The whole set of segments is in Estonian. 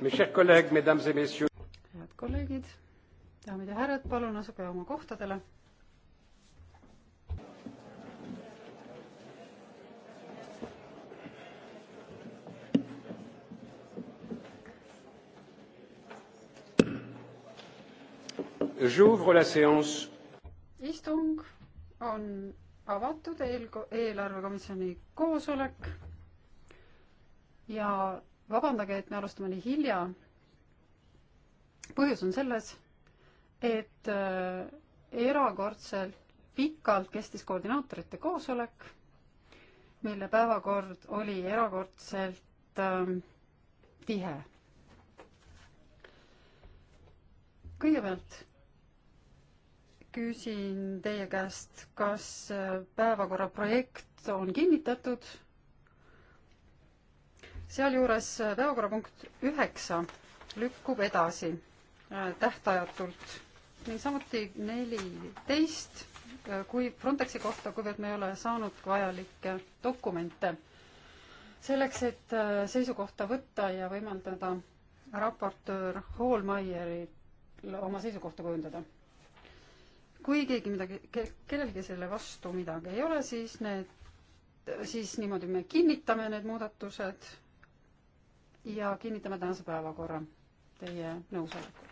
head kolleegid, daamid ja härrad, palun asuge oma kohtadele. J'ouvre la séance. istung on avatud eel, eelarvekomisjoni koosolek ja vabandage, et me alustame nii hilja. põhjus on selles, et äh, erakordselt pikalt kestis koordinaatorite koosolek, mille päevakord oli erakordselt äh, tihe. kõigepealt küsin teie käest, kas äh, päevakorra projekt on kinnitatud sealjuures äh, päevakorrapunkt üheksa lükkub edasi äh, tähtajatult ning samuti neliteist, äh, kui Frontexi kohta, kuivõrd me ei ole saanud vajalikke dokumente selleks, et seisukohta võtta ja võimaldada raportöör Hallmeieril oma seisukohta kujundada. kui keegi midagi, kellelgi selle vastu midagi ei ole, siis need, siis niimoodi me kinnitame need muudatused ja kinnitame tänase päevakorra teie nõusolekul.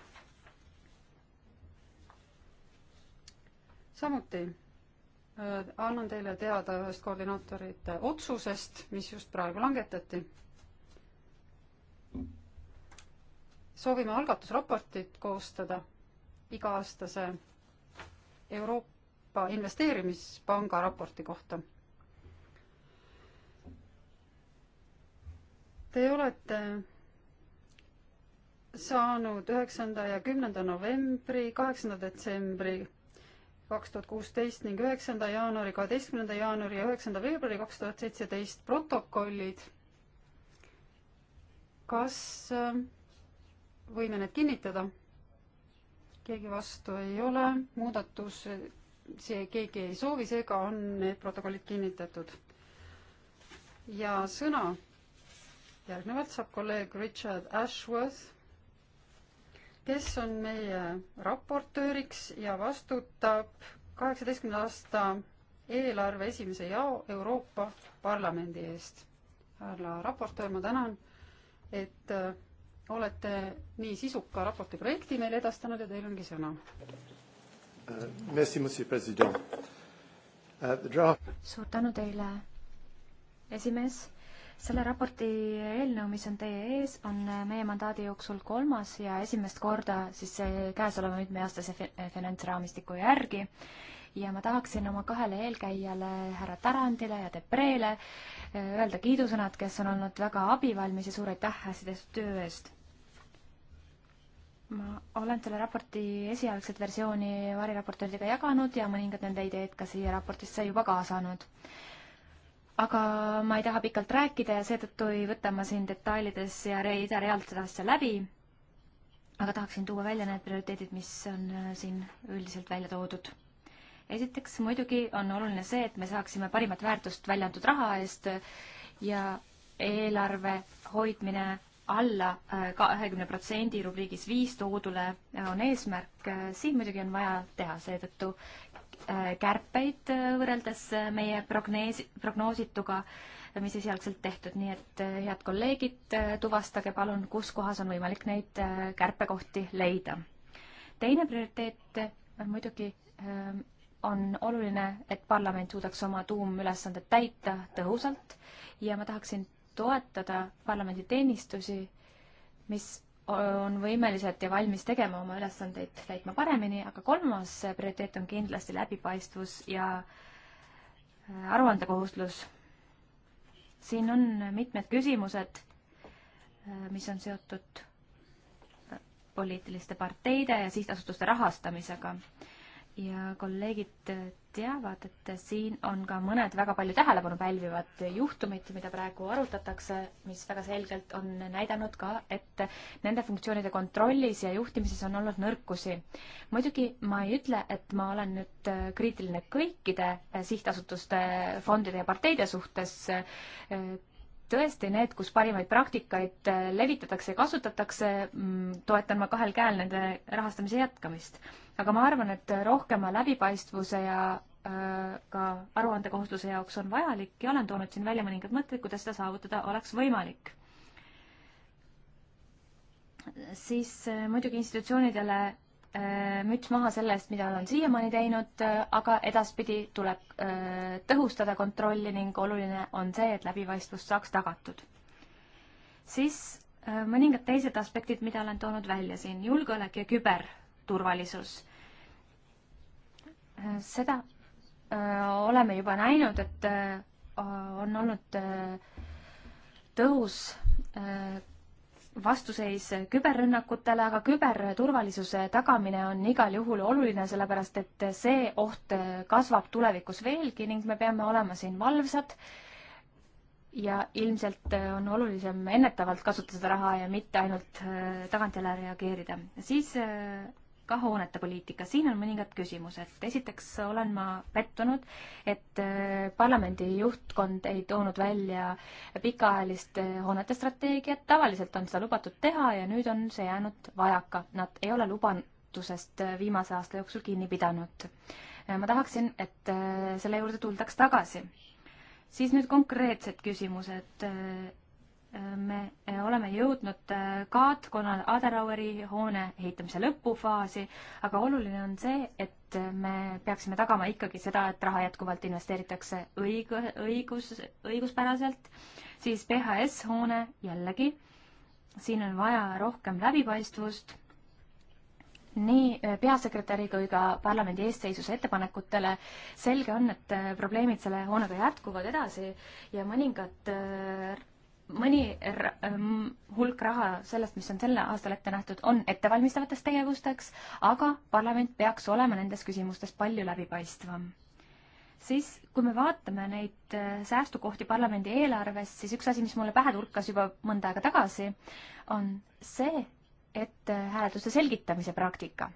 samuti äh, annan teile teada ühest koordinaatorite otsusest, mis just praegu langetati. soovime algatusraportit koostada iga-aastase Euroopa Investeerimispanga raporti kohta Te olete saanud üheksanda ja kümnenda novembri, kaheksanda detsembri kaks tuhat kuusteist ning üheksanda jaanuari, kaheteistkümnenda jaanuari ja üheksanda veebruari kaks tuhat seitseteist protokollid. kas äh, võime need kinnitada? keegi vastu ei ole, muudatus, see keegi ei soovi, seega on need protokollid kinnitatud. ja sõna järgnevalt saab kolleeg Richard Ashworth, kes on meie raportööriks ja vastutab kaheksateistkümne aasta eelarve esimese jao Euroopa Parlamendi eest. härra raportöör, ma tänan, et äh, olete nii sisuka raporti projekti meile edastanud ja teil ongi sõna. Äh, äh, suur tänu teile, esimees selle raporti eelnõu, mis on teie ees, on äh, meie mandaadi jooksul kolmas ja esimest korda siis äh, käesoleva mitmeaastase äh, finantsraamistiku järgi. ja ma tahaksin oma kahele eelkäijale, härra Tarandile ja Debrele öelda kiidusõnad, kes on olnud väga abivalmis ja suur aitäh hästi tehtud töö eest ma olen selle raporti esialgset versiooni variraportööridega jaganud ja mõningad nende ideed ka siia raportisse juba kaasanud aga ma ei taha pikalt rääkida ja seetõttu ei võta ma siin detailides ja rida realt seda asja läbi. aga tahaksin tuua välja need prioriteedid, mis on äh, siin üldiselt välja toodud. esiteks muidugi on oluline see, et me saaksime parimat väärtust välja antud raha eest ja eelarve hoidmine alla äh, kahekümne protsendi rubriigis viis toodule äh, on eesmärk, äh, siin muidugi on vaja teha seetõttu kärpeid võrreldes meie progneesi, prognoosituga, mis esialgselt tehtud, nii et head kolleegid, tuvastage palun, kus kohas on võimalik neid kärpekohti leida. teine prioriteet muidugi on oluline, et parlament suudaks oma tuumülesanded täita tõhusalt ja ma tahaksin toetada parlamendi teenistusi, mis on võimelised ja valmis tegema oma ülesandeid täitma paremini, aga kolmas prioriteet on kindlasti läbipaistvus ja äh, aruandekohustus. siin on mitmed küsimused, äh, mis on seotud äh, poliitiliste parteide ja sihtasutuste rahastamisega ja kolleegid teavad, et siin on ka mõned väga palju tähelepanu pälvivad juhtumid, mida praegu arutatakse, mis väga selgelt on näidanud ka, et nende funktsioonide kontrollis ja juhtimises on olnud nõrkusi. muidugi ma ei ütle, et ma olen nüüd kriitiline kõikide sihtasutuste, fondide ja parteide suhtes tõesti need, kus parimaid praktikaid äh, levitatakse ja kasutatakse, mm, toetan ma kahel käel nende rahastamise jätkamist. aga ma arvan, et rohkema läbipaistvuse ja äh, ka aruandekohustuse jaoks on vajalik ja olen toonud siin välja mõningad mõtted, kuidas seda saavutada oleks võimalik. siis äh, muidugi institutsioonidele Äh, müts maha selle eest, mida on siiamaani teinud, äh, aga edaspidi tuleb äh, tõhustada kontrolli ning oluline on see, et läbipaistvus saaks tagatud. siis mõningad teised aspektid, mida olen toonud välja siin, julgeolek ja küberturvalisus. seda oleme juba näinud, et on olnud tõhus vastuseis küberrünnakutele, aga küberturvalisuse tagamine on igal juhul oluline, sellepärast et see oht kasvab tulevikus veelgi ning me peame olema siin valvsad. ja ilmselt on olulisem ennetavalt kasutada seda raha ja mitte ainult äh, tagantjärele reageerida. siis äh, ka hoonete poliitika. siin on mõningad küsimused. esiteks olen ma pettunud, et äh, parlamendi juhtkond ei toonud välja pikaajalist äh, hoonete strateegiat. tavaliselt on seda lubatud teha ja nüüd on see jäänud vajaka. Nad ei ole lubatusest äh, viimase aasta jooksul kinni pidanud. ma tahaksin, et selle juurde tuldaks tagasi. siis nüüd konkreetsed küsimused me äh, oleme jõudnud äh, Kaat-Konal Adenaueri hoone ehitamise lõpufaasi, aga oluline on see, et me peaksime tagama ikkagi seda, et raha jätkuvalt investeeritakse õig-, õigus, õiguspäraselt, siis PHS hoone jällegi, siin on vaja rohkem läbipaistvust, nii äh, peasekretäri kui ka parlamendi eestseisuse ettepanekutele. selge on, et probleemid selle hoonega jätkuvad edasi ja mõningad mõni ähm, hulk raha sellest, mis on sel aastal ette nähtud, on ettevalmistavateks tegevusteks, aga parlament peaks olema nendes küsimustes palju läbipaistvam. siis, kui me vaatame neid äh, säästukohti parlamendi eelarves, siis üks asi, mis mulle pähe tulkas juba mõnda aega tagasi, on see, et äh, hääletuste selgitamise praktika.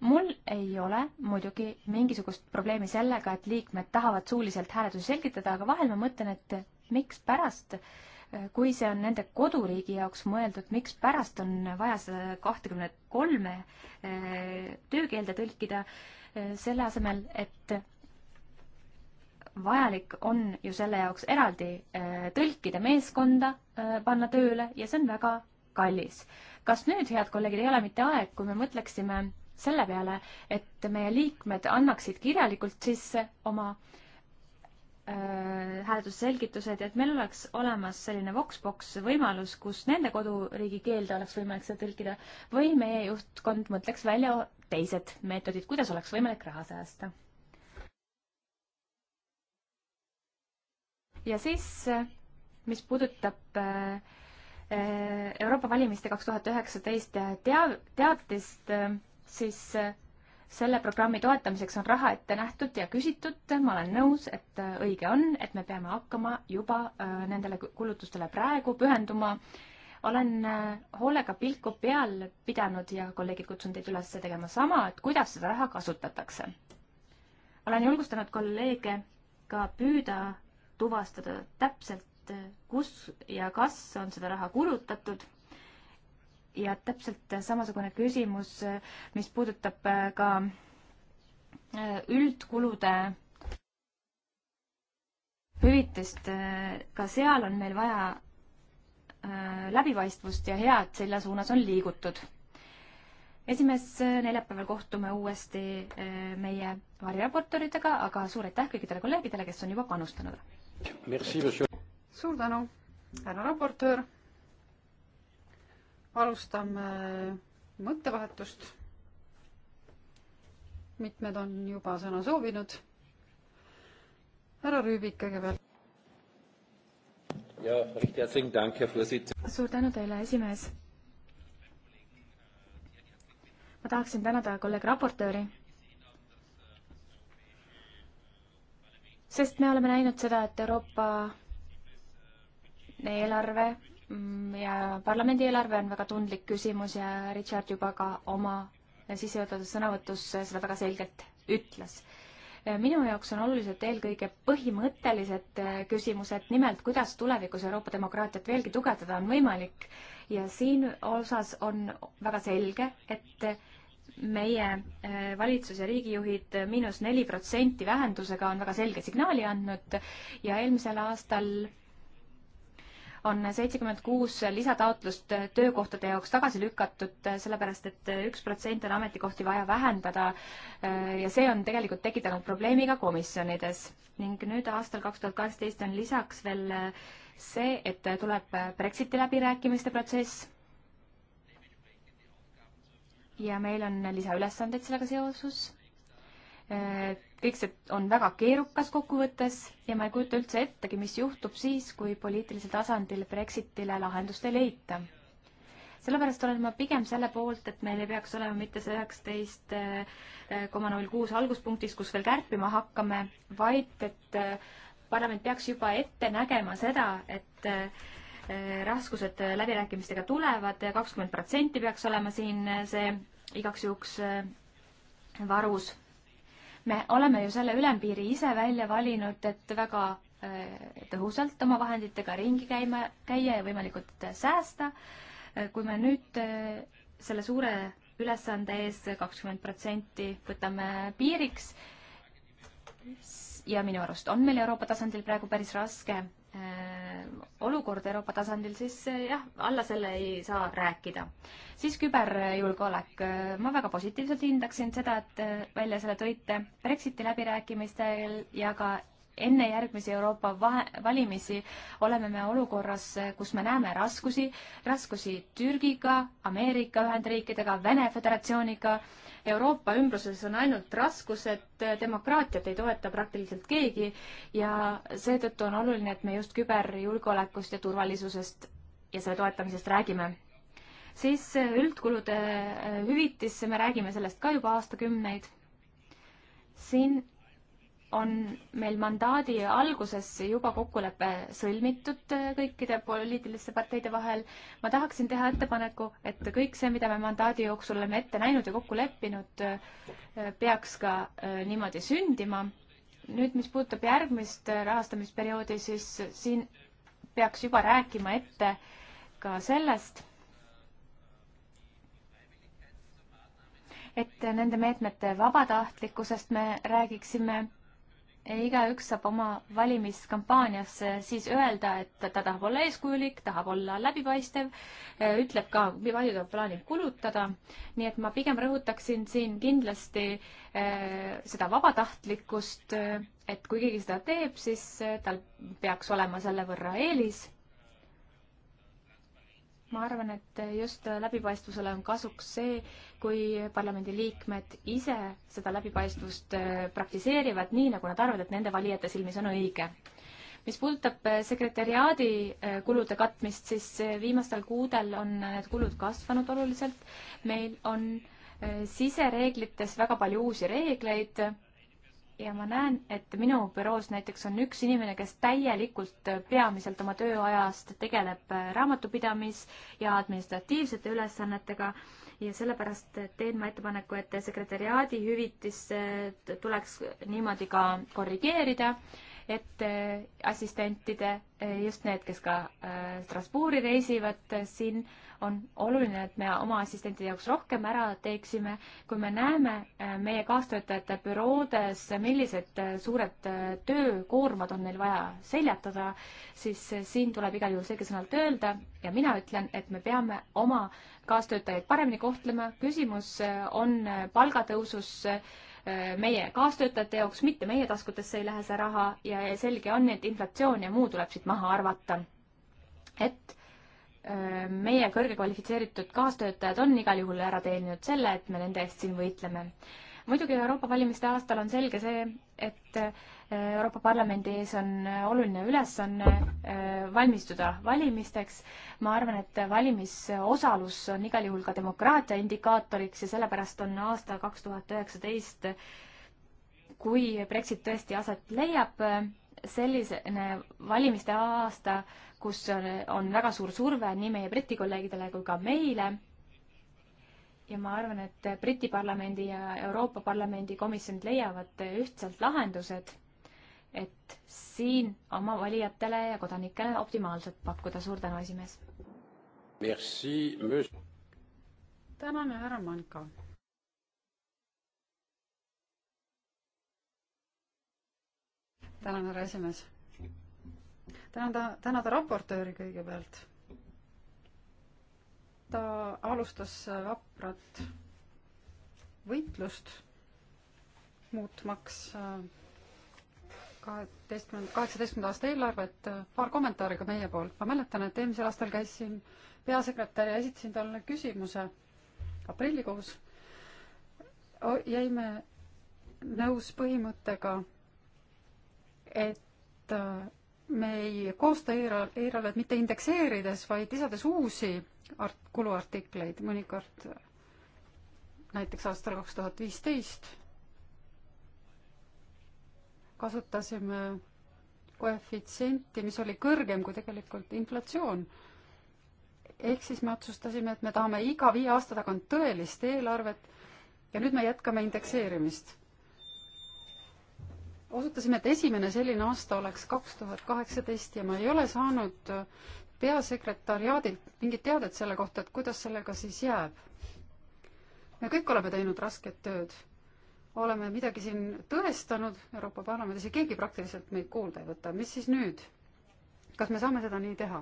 mul ei ole muidugi mingisugust probleemi sellega, et liikmed tahavad suuliselt hääletusi selgitada, aga vahel ma mõtlen, et mikspärast kui see on nende koduriigi jaoks mõeldud, mikspärast on vaja seda kahtekümne kolme eh, töökeelde tõlkida, eh, selle asemel, et vajalik on ju selle jaoks eraldi eh, tõlkida meeskonda, panna tööle ja see on väga kallis. kas nüüd, head kolleegid, ei ole mitte aeg, kui me mõtleksime selle peale, et meie liikmed annaksid kirjalikult sisse oma äh, Äh, hääletusselgitused ja et meil oleks olemas selline Voxbox võimalus, kus nende koduriigi keelde oleks võimalik seda tõlkida või meie juhtkond mõtleks välja teised meetodid, kuidas oleks võimalik raha säästa. ja siis, äh, mis puudutab äh, Euroopa valimiste kaks tuhat üheksateist teav-, teatist, siis selle programmi toetamiseks on raha ette nähtud ja küsitud, ma olen nõus, et äh, õige on, et me peame hakkama juba äh, nendele kulutustele praegu pühenduma. olen äh, hoolega pilku peal pidanud ja kolleegid, kutsun teid üles tegema sama, et kuidas seda raha kasutatakse. olen julgustanud kolleege ka püüda tuvastada täpselt, kus ja kas on seda raha kulutatud ja täpselt samasugune küsimus, mis puudutab äh, ka äh, üldkulude hüvitist, äh, ka seal on meil vaja läbipaistvust ja hea, et selle suunas on liigutud. esimees, neljapäeval kohtume uuesti meie variraportoritega, aga suur aitäh kõikidele kolleegidele, kes on juba panustanud. suur tänu, härra raportöör alustame mõttevahetust. mitmed on juba sõna soovinud. härra Rüübik kõigepealt. suur tänu teile, esimees. ma tahaksin tänada kolleeg raportööri sest me oleme näinud seda, et Euroopa eelarve Mm, ja parlamendi eelarve on väga tundlik küsimus ja Richard juba ka oma sissejuhatavas sõnavõtus seda väga selgelt ütles. minu jaoks on olulised eelkõige põhimõttelised äh, küsimused, nimelt kuidas tulevikus Euroopa demokraatiat veelgi tugevdada on võimalik ja siin osas on väga selge, et meie äh, valitsus ja riigijuhid miinus neli protsenti vähendusega on väga selge signaali andnud ja eelmisel aastal on seitsekümmend kuus lisataotlust töökohtade jaoks tagasi lükatud, sellepärast et üks protsent on ametikohti vaja vähendada äh, ja see on tegelikult tekitanud probleemi ka komisjonides. ning nüüd aastal kaks tuhat kaheksateist on lisaks veel äh, see, et tuleb Brexiti läbirääkimiste protsess ja meil on lisaülesanded sellega seoses äh, kõik see on väga keerukas kokkuvõttes ja ma ei kujuta üldse ettegi, mis juhtub siis, kui poliitilisel tasandil Brexitile lahendust ei leita. sellepärast olen ma pigem selle poolt, et meil ei peaks olema mitte see üheksateist eh, koma null kuus alguspunktis, kus veel kärpima hakkame, vaid et eh, parlament peaks juba ette nägema seda, et eh, raskused läbirääkimistega tulevad ja kakskümmend protsenti peaks olema siin see igaks juhuks varus me oleme ju selle ülempiiri ise välja valinud, et väga äh, tõhusalt oma vahenditega ringi käima, käia ja võimalikult äh, säästa. Äh, kui me nüüd selle suure ülesande ees kakskümmend protsenti võtame piiriks, ja minu arust on meil Euroopa tasandil praegu päris raske Äh, olukord Euroopa tasandil, siis äh, jah, alla selle ei saa rääkida. siis küberjulgeolek. Äh, ma väga positiivselt hindaksin seda, et välja selle tõite Brexiti läbirääkimistel ja ka enne järgmisi Euroopa vahe, valimisi oleme me olukorras, kus me näeme raskusi, raskusi Türgiga, Ameerika Ühendriikidega, Vene Föderatsiooniga. Euroopa ümbruses on ainult raskused, demokraatiat ei toeta praktiliselt keegi ja seetõttu on oluline, et me just küberjulgeolekust ja turvalisusest ja selle toetamisest räägime siis üldkulude hüvitis, me räägime sellest ka juba aastakümneid. siin on meil mandaadi alguses juba kokkulepe sõlmitud äh, kõikide poliitiliste parteide vahel. ma tahaksin teha ettepaneku, et kõik see, mida me mandaadi jooksul oleme ette näinud ja kokku leppinud, äh, peaks ka äh, niimoodi sündima. nüüd, mis puudutab järgmist rahastamisperioodi, siis siin peaks juba rääkima ette ka sellest, et nende meetmete vabatahtlikkusest me räägiksime igaüks saab oma valimiskampaaniasse siis öelda, et ta tahab olla eeskujulik, tahab olla läbipaistev, eh, ütleb ka, kui palju ta plaanib kulutada. nii et ma pigem rõhutaksin siin kindlasti eh, seda vabatahtlikkust, eh, et kui keegi seda teeb, siis tal peaks olema selle võrra eelis ma arvan, et just läbipaistvusele on kasuks see, kui parlamendiliikmed ise seda läbipaistvust äh, praktiseerivad nii, nagu nad arvavad, et nende valijate silmis on õige. mis puudutab äh, sekretäriaadi äh, kulude katmist, siis viimastel kuudel on need kulud kasvanud oluliselt. meil on sisereeglites väga palju uusi reegleid ja ma näen, et minu büroos näiteks on üks inimene, kes täielikult peamiselt oma tööajast tegeleb raamatupidamis- ja administratiivsete ülesannetega ja sellepärast teen ma ettepaneku, et sekretäriaadi hüvitis tuleks niimoodi ka korrigeerida, et äh, assistentide, äh, just need, kes ka äh, Strasbourgi reisivad, siin on oluline, et me oma assistentide jaoks rohkem ära teeksime. kui me näeme äh, meie kaastöötajate büroodes, millised äh, suured äh, töökoormad on neil vaja seljatada, siis siin tuleb igal juhul selgesõnalt öelda ja mina ütlen, et me peame oma kaastöötajaid paremini kohtlema. küsimus on palgatõusus meie kaastöötajate jaoks, mitte meie taskutesse ei lähe see raha ja selge on, et inflatsioon ja muu tuleb siit maha arvata. et meie kõrge kvalifitseeritud kaastöötajad on igal juhul ära teeninud selle, et me nende eest siin võitleme. muidugi Euroopa valimiste aastal on selge see, et äh, Euroopa Parlamendi ees on oluline ülesanne äh, valmistuda valimisteks. ma arvan, et valimisosalus on igal juhul ka demokraatia indikaatoriks ja sellepärast on aasta kaks tuhat üheksateist, kui Brexit tõesti aset leiab, selline valimiste aasta, kus on, on väga suur surve nii meie Briti kolleegidele kui ka meile. ja ma arvan, et Briti parlamendi ja Euroopa Parlamendi komisjonid leiavad ühtselt lahendused, et siin oma valijatele ja kodanikele optimaalselt pakkuda. suur tänu, esimees! täname, härra Manka! tänan, härra esimees. tänan ta, tänada raportööri kõigepealt. ta alustas vaprat võitlust, muutmaks äh, kaheteistkümnenda, kaheksateistkümnenda aasta eelarvet, paar kommentaari ka meie poolt. ma mäletan, et eelmisel aastal käisin peasekretäri ja esitasin talle küsimuse aprillikuus. jäime nõus põhimõttega et äh, me ei koosta eelarvet mitte indekseerides, vaid lisades uusi art-, kuluartikleid, mõnikord äh, näiteks aastal kaks tuhat viisteist kasutasime koefitsienti, mis oli kõrgem kui tegelikult inflatsioon. ehk siis me otsustasime, et me tahame iga viie aasta tagant tõelist eelarvet ja nüüd me jätkame indekseerimist osutasime, et esimene selline aasta oleks kaks tuhat kaheksateist ja ma ei ole saanud peasekretäriaadilt mingit teadet selle kohta, et kuidas sellega siis jääb. me kõik oleme teinud rasket tööd, oleme midagi siin tõestanud Euroopa Parlamendis ja keegi praktiliselt meid kuulda ei võta, mis siis nüüd? kas me saame seda nii teha?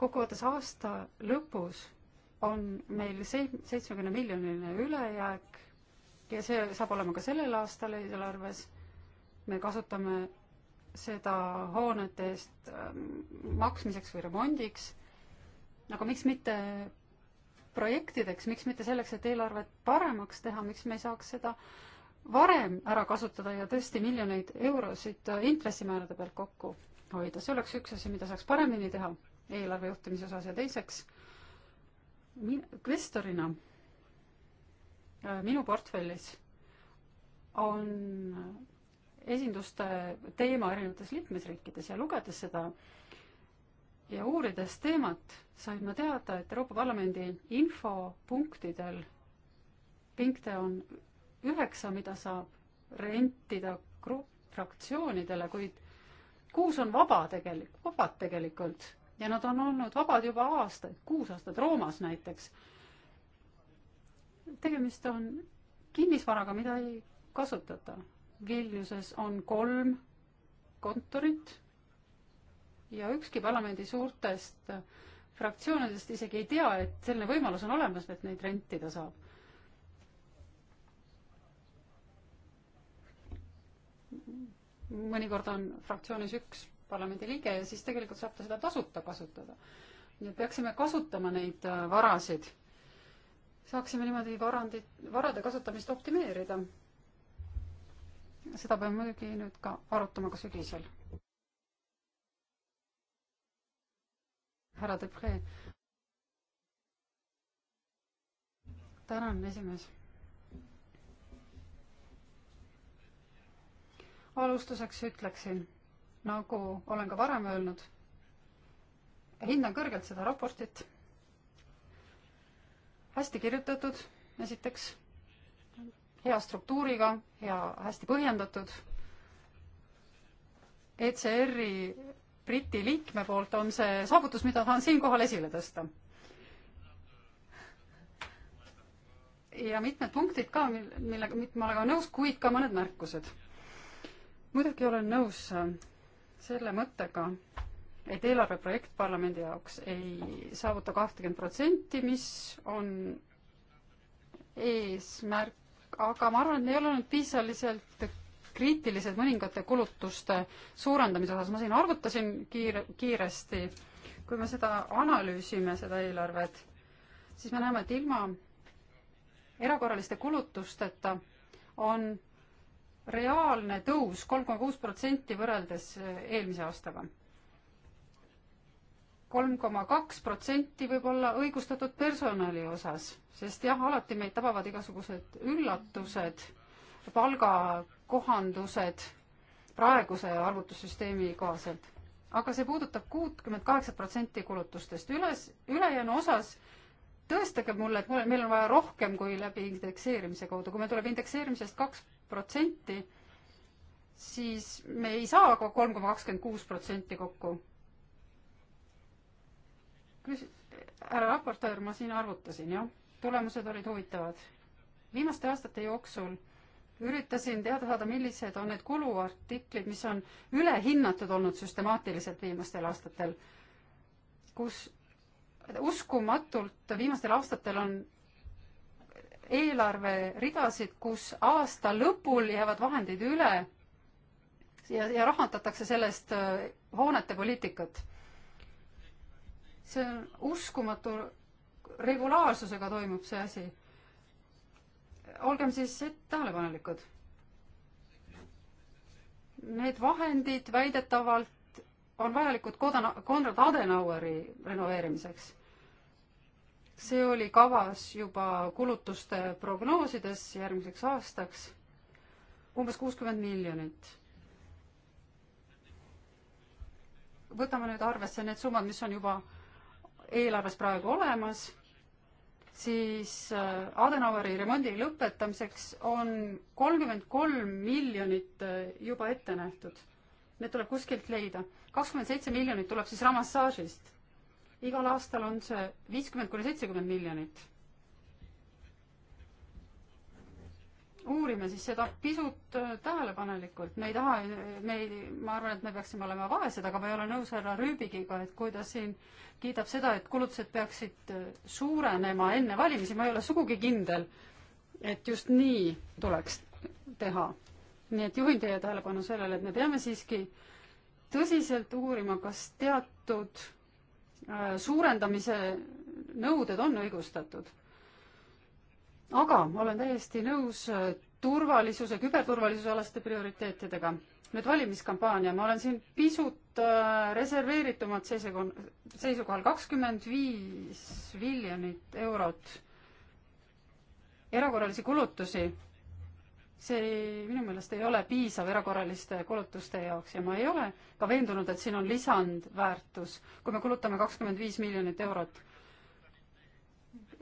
kokkuvõttes aasta lõpus on meil seitsmekümne miljoniline ülejääk ja see saab olema ka sellel aastal eelarves. me kasutame seda hoonete eest ähm, maksmiseks või remondiks. aga miks mitte projektideks, miks mitte selleks, et eelarvet paremaks teha, miks me ei saaks seda varem ära kasutada ja tõesti miljoneid eurosid äh, intressimäärade pealt kokku hoida, see oleks üks asi, mida saaks paremini teha eelarve juhtimise osas ja teiseks, kvestorina Äh, minu portfellis on esinduste teema erinevates liikmesriikides ja lugedes seda ja uurides teemat, sain ma teada, et Euroopa Parlamendi infopunktidel pinkte on üheksa, mida saab rentida fraktsioonidele, kuid kuus on vaba tegelik, vabad tegelikult ja nad on olnud vabad juba aastaid, kuus aastat Roomas näiteks tegemist on kinnisvaraga, mida ei kasutata. Vilniuses on kolm kontorit ja ükski parlamendi suurtest fraktsioonidest isegi ei tea, et selline võimalus on olemas, et neid rentida saab. mõnikord on fraktsioonis üks parlamendiliige ja siis tegelikult saab ta seda tasuta kasutada. nii et peaksime kasutama neid äh, varasid saaksime niimoodi varandit, varade kasutamist optimeerida. seda peame muidugi nüüd ka arutama ka sügisel. härra Depree. tänan, esimees. alustuseks ütleksin, nagu olen ka varem öelnud, hindan kõrgelt seda raportit hästi kirjutatud, esiteks, hea struktuuriga ja hästi põhjendatud. ECR-i Briti liikme poolt on see saavutus, mida tahan siinkohal esile tõsta. ja mitmed punktid ka, millega, millega ma olen nõus, kuid ka mõned märkused. muidugi olen nõus äh, selle mõttega, et eelarveprojekt parlamendi jaoks ei saavuta kahtekümmet protsenti, mis on eesmärk, aga ma arvan, et me ei ole olnud piisavalt kriitilised mõningate kulutuste suurendamise osas, ma siin arvutasin kiire, kiiresti, kui me seda analüüsime, seda eelarvet, siis me näeme, et ilma erakorraliste kulutusteta on reaalne tõus kolm koma kuus protsenti võrreldes eelmise aastaga kolm koma kaks protsenti võib olla õigustatud personali osas, sest jah, alati meid tabavad igasugused üllatused, palgakohandused praeguse arvutussüsteemi kohaselt. aga see puudutab kuutkümmend kaheksa protsenti kulutustest, üles, ülejäänu osas tõestage mulle, et meil on vaja rohkem kui läbi indekseerimise kaudu, kui meil tuleb indekseerimisest kaks protsenti, siis me ei saa kolm koma kakskümmend kuus protsenti kokku küs-, härra raportöör, ma siin arvutasin, jah, tulemused olid huvitavad. viimaste aastate jooksul üritasin teada saada, millised on need kuluartiklid, mis on ülehinnatud olnud süstemaatiliselt viimastel aastatel, kus uskumatult viimastel aastatel on eelarveridasid, kus aasta lõpul jäävad vahendid üle ja, ja rahandatakse sellest äh, hoonete poliitikat see on uskumatu regulaarsusega toimub see asi. olgem siis tähelepanelikud. Need vahendid väidetavalt on vajalikud Kodana-, Konrad Adenaueri renoveerimiseks. see oli kavas juba kulutuste prognoosides järgmiseks aastaks umbes kuuskümmend miljonit. võtame nüüd arvesse need summad, mis on juba eelarves praegu olemas, siis äh, Adenaueri remondi lõpetamiseks on kolmkümmend kolm miljonit äh, juba ette nähtud. Need tuleb kuskilt leida. kakskümmend seitse miljonit tuleb siis ramassaažist. igal aastal on see viiskümmend kuni seitsekümmend miljonit uurime siis seda pisut äh, tähelepanelikult, me ei taha, me ei, ma arvan, et me peaksime olema vaesed, aga ma ei ole nõus härra Rüübigiga, et kui ta siin kiidab seda, et kulutused peaksid äh, suurenema enne valimisi, ma ei ole sugugi kindel, et just nii tuleks teha. nii et juhin teie tähelepanu sellele, et me peame siiski tõsiselt uurima, kas teatud äh, suurendamise nõuded on õigustatud aga ma olen täiesti nõus äh, turvalisuse, küberturvalisuse alaste prioriteetidega. nüüd valimiskampaania, ma olen siin pisut äh, reserveeritumalt seisukohal, seisukohal kakskümmend viis miljonit eurot erakorralisi kulutusi see ei, minu meelest ei ole piisav erakorraliste kulutuste jaoks ja ma ei ole ka veendunud, et siin on lisandväärtus, kui me kulutame kakskümmend viis miljonit eurot.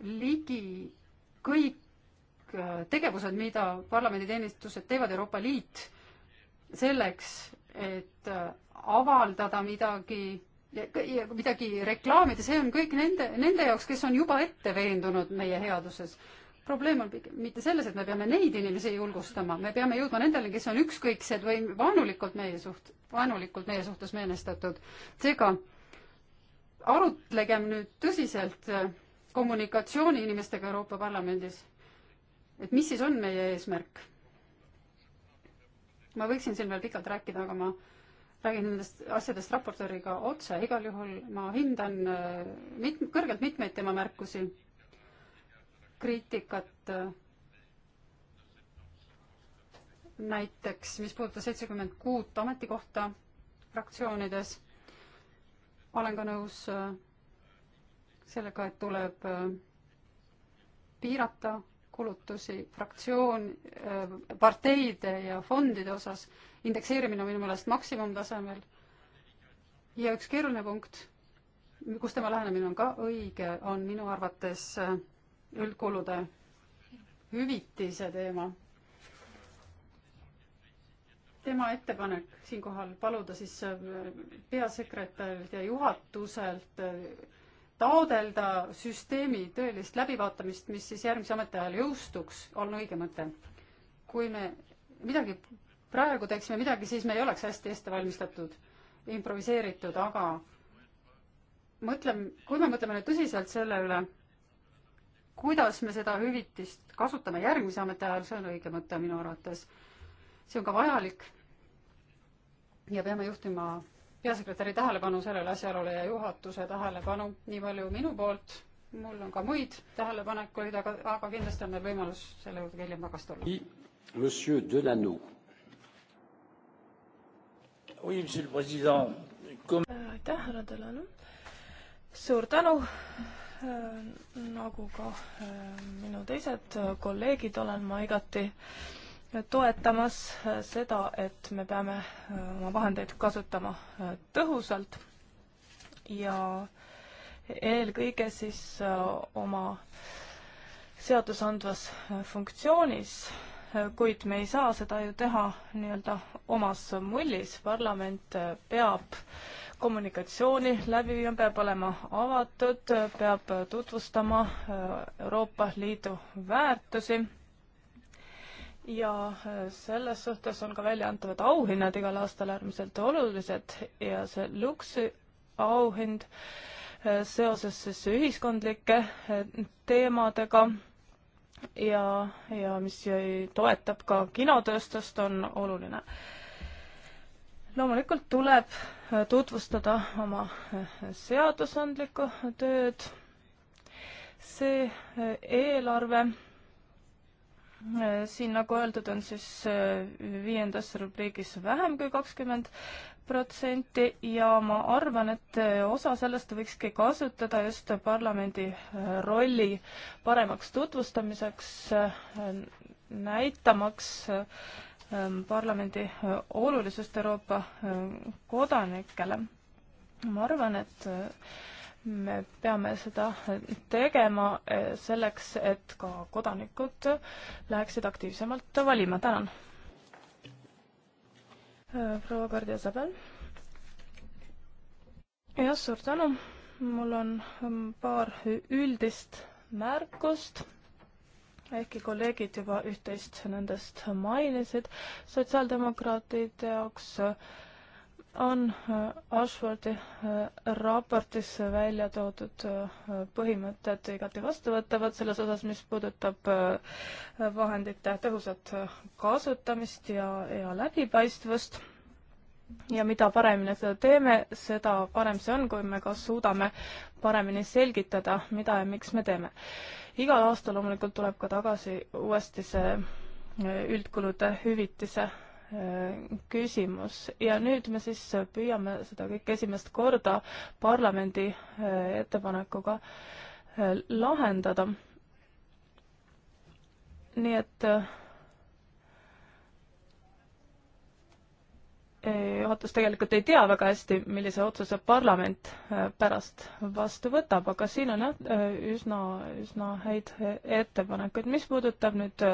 ligi kõik äh, tegevused, mida parlamenditeenistused teevad, Euroopa Liit, selleks, et äh, avaldada midagi, midagi reklaamida, see on kõik nende, nende jaoks, kes on juba ette veendunud meie headuses. probleem on pigem mitte selles, et me peame neid inimesi julgustama, me peame jõudma nendele, kes on ükskõiksed või vaenulikult meie suht-, vaenulikult meie suhtes meelestatud. seega arutlegem nüüd tõsiselt äh, kommunikatsiooni inimestega Euroopa Parlamendis. et mis siis on meie eesmärk? ma võiksin siin veel pikalt rääkida, aga ma räägin nendest asjadest raportööriga otse, igal juhul ma hindan äh, mit-, kõrgelt mitmeid tema märkusi, kriitikat, äh, näiteks mis puudutas seitsekümmend kuut ametikohta fraktsioonides, olen ka nõus äh, sellega, et tuleb äh, piirata kulutusi fraktsioon, äh, parteide ja fondide osas. indekseerimine on minu meelest maksimumtasemel. ja üks keeruline punkt, kus tema lähenemine on ka õige, on minu arvates äh, üldkulude hüvitise teema. tema ettepanek siinkohal paluda siis peasekretärilt ja juhatuselt taodelda süsteemi tõelist läbivaatamist, mis siis järgmise ametiajal jõustuks, on õige mõte. kui me midagi praegu teeksime midagi, siis me ei oleks hästi ette valmistatud, improviseeritud, aga mõtleme, kui me mõtleme nüüd tõsiselt selle üle, kuidas me seda hüvitist kasutame järgmise ametiajal, see on õige mõte minu arvates. see on ka vajalik ja peame juhtima peasekretäri tähelepanu sellele asjaolule ja juhatuse tähelepanu, nii palju minu poolt, mul on ka muid tähelepanekuid, aga, aga kindlasti on meil võimalus selle juurde hiljem tagasi tulla. aitäh, härra Delano. suur tänu äh, nagu ka äh, minu teised äh, kolleegid olen ma igati toetamas äh, seda, et me peame äh, oma vahendeid kasutama äh, tõhusalt ja eelkõige siis oma seadusandvas funktsioonis, kuid me ei saa seda ju teha nii-öelda omas mullis, parlament peab kommunikatsiooni läbi viima, peab olema avatud, peab tutvustama Euroopa Liidu väärtusi ja äh, selles suhtes on ka väljaantavad auhinnad igal aastal äärmiselt olulised ja see Luksi auhind äh, seoses siis ühiskondlike äh, teemadega ja, ja mis toetab ka kinotööstust, on oluline. loomulikult tuleb tutvustada oma seadusandlikku tööd, see eelarve Äh, siin, nagu öeldud, on siis äh, viiendas rubriigis vähem kui kakskümmend protsenti ja ma arvan, et äh, osa sellest võikski kasutada just parlamendi rolli paremaks tutvustamiseks, näitamaks parlamendi olulisust Euroopa kodanikele. ma arvan, et me peame seda tegema eh, selleks, et ka kodanikud läheksid aktiivsemalt valima, tänan. Eh, proua Kardia Sabel. jah, suur tänu, mul on mm, paar üldist märkust ehkki kolleegid juba üht-teist nendest mainisid, sotsiaaldemokraatide jaoks äh, on äh, Ashfordi äh, raportis välja toodud äh, põhimõtted igati vastuvõtavad selles osas, mis puudutab vahendite tõhusat kasutamist ja, ja läbipaistvust. ja mida paremini seda teeme, seda parem see on, kui me ka suudame paremini selgitada, mida ja miks me teeme. igal aastal loomulikult tuleb ka tagasi uuesti see üldkulude hüvitise küsimus ja nüüd me siis püüame seda kõike esimest korda parlamendi äh, ettepanekuga äh, lahendada. nii et äh, juhatus tegelikult ei tea väga hästi, millise otsuse parlament pärast vastu võtab, aga siin on jah üsna, üsna häid ettepanekuid, mis puudutab nüüd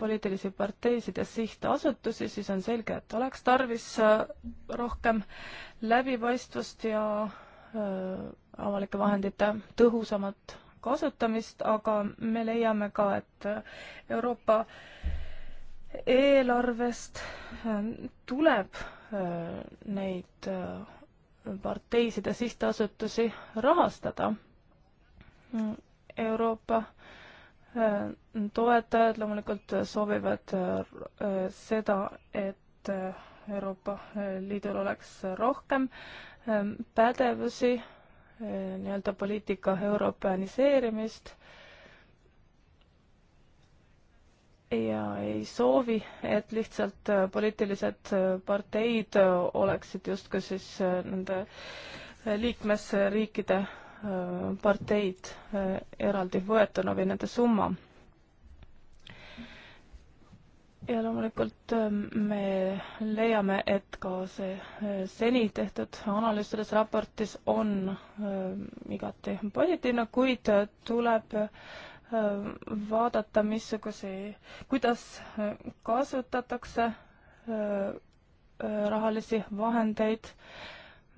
poliitilisi parteisid ja sihtasutusi, siis on selge, et oleks tarvis äh, rohkem läbipaistvust ja äh, avalike vahendite tõhusamat kasutamist, aga me leiame ka, et äh, Euroopa eelarvest tuleb neid parteisid ja sihtasutusi rahastada. Euroopa äh, Äh, toetajad loomulikult äh, soovivad äh, seda, et Euroopa Liidul oleks rohkem ähm, pädevusi, nii-öelda poliitika europeaniseerimist ja ei soovi, et lihtsalt poliitilised parteid oleksid justkui siis nende liikmesriikide Äh, parteid äh, eraldi võetuna või nende summa. ja loomulikult ähm, me leiame, et ka see äh, seni tehtud analüüs selles raportis on ähm, igati positiivne, kuid tuleb vaadata, missuguse, kuidas kasutatakse rahalisi vahendeid äh,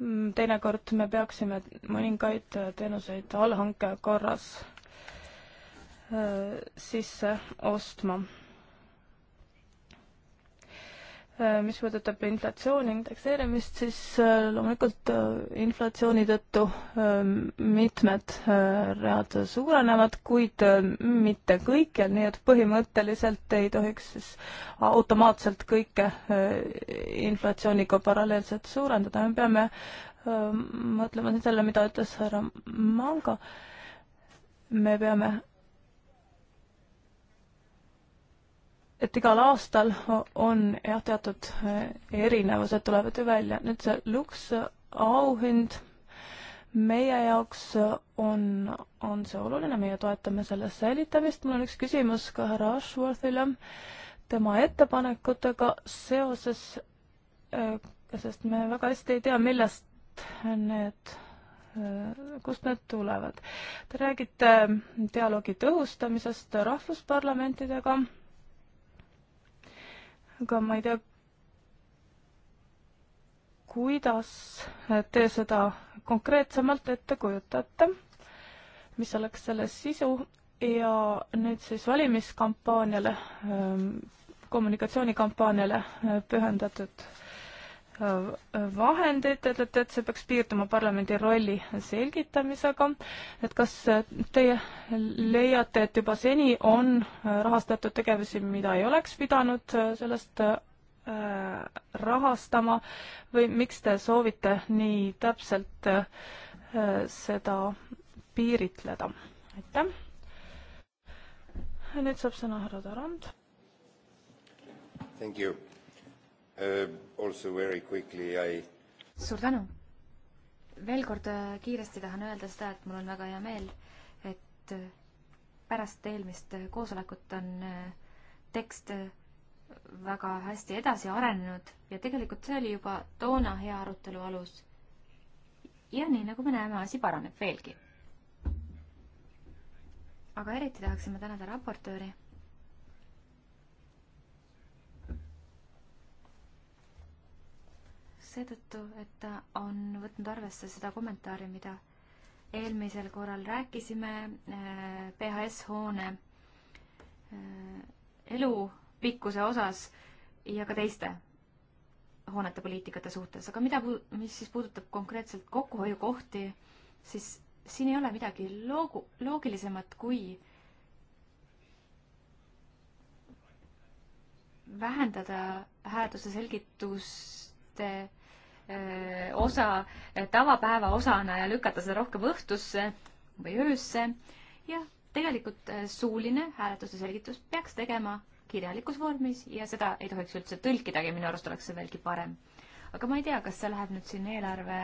Mm, teinekord me peaksime mõningaid teenuseid allhanke korras äh, sisse ostma Äh, mis puudutab inflatsiooni indekseerimist, siis äh, loomulikult äh, inflatsiooni tõttu ähm, mitmed read suurenevad, kuid mitte kõikjal, nii et põhimõtteliselt ei tohiks siis automaatselt kõike inflatsiooniga paralleelselt suurendada, me peame mõtlema siin selle, mida ütles härra Manga, me peame et igal aastal on jah, teatud eh, erinevused tulevad ju välja. nüüd see Lux eh, auhind meie jaoks eh, on, on see oluline, meie toetame selle säilitamist. mul on üks küsimus ka härra Ashworthile tema ettepanekutega seoses, sest me väga hästi ei tea, millest need, kust need tulevad. Te räägite dialoogi tõhustamisest rahvusparlamentidega aga ma ei tea, kuidas te seda konkreetsemalt ette kujutate, mis oleks selle sisu ja nüüd siis valimiskampaaniale, ähm, kommunikatsioonikampaaniale äh, pühendatud vahendeid, te ütlete, et see peaks piirduma parlamendi rolli selgitamisega, et kas teie leiate, et juba seni on rahastatud tegevusi, mida ei oleks pidanud sellest äh, rahastama või miks te soovite nii täpselt äh, seda piiritleda? aitäh. nüüd saab sõna härra Tarand. Thank you uh,. Also very quickly I. suur tänu. veel kord äh, kiiresti tahan öelda seda, et mul on väga hea meel, et äh, pärast eelmist äh, koosolekut on tekst väga hästi edasi arenenud ja tegelikult see oli juba toona hea arutelu alus. ja nii nagu me näeme, asi paraneb veelgi. aga eriti tahaksime tänada raportööri seetõttu, et ta on võtnud arvesse seda kommentaari, mida eelmisel korral rääkisime äh, PHS-hoone äh, elupikkuse osas ja ka teiste hoonete poliitikate suhtes, aga mida, mis siis puudutab konkreetselt kokkuhoiukohti, siis siin ei ole midagi loogu, loogilisemat kui vähendada hääduse selgituste Äh, osa tavapäeva osana ja lükata seda rohkem õhtusse või öösse ja tegelikult äh, suuline hääletuse selgitus peaks tegema kirjalikus vormis ja seda ei tohiks üldse tõlkidagi, minu arust oleks see veelgi parem. aga ma ei tea, kas see läheb nüüd siin eelarve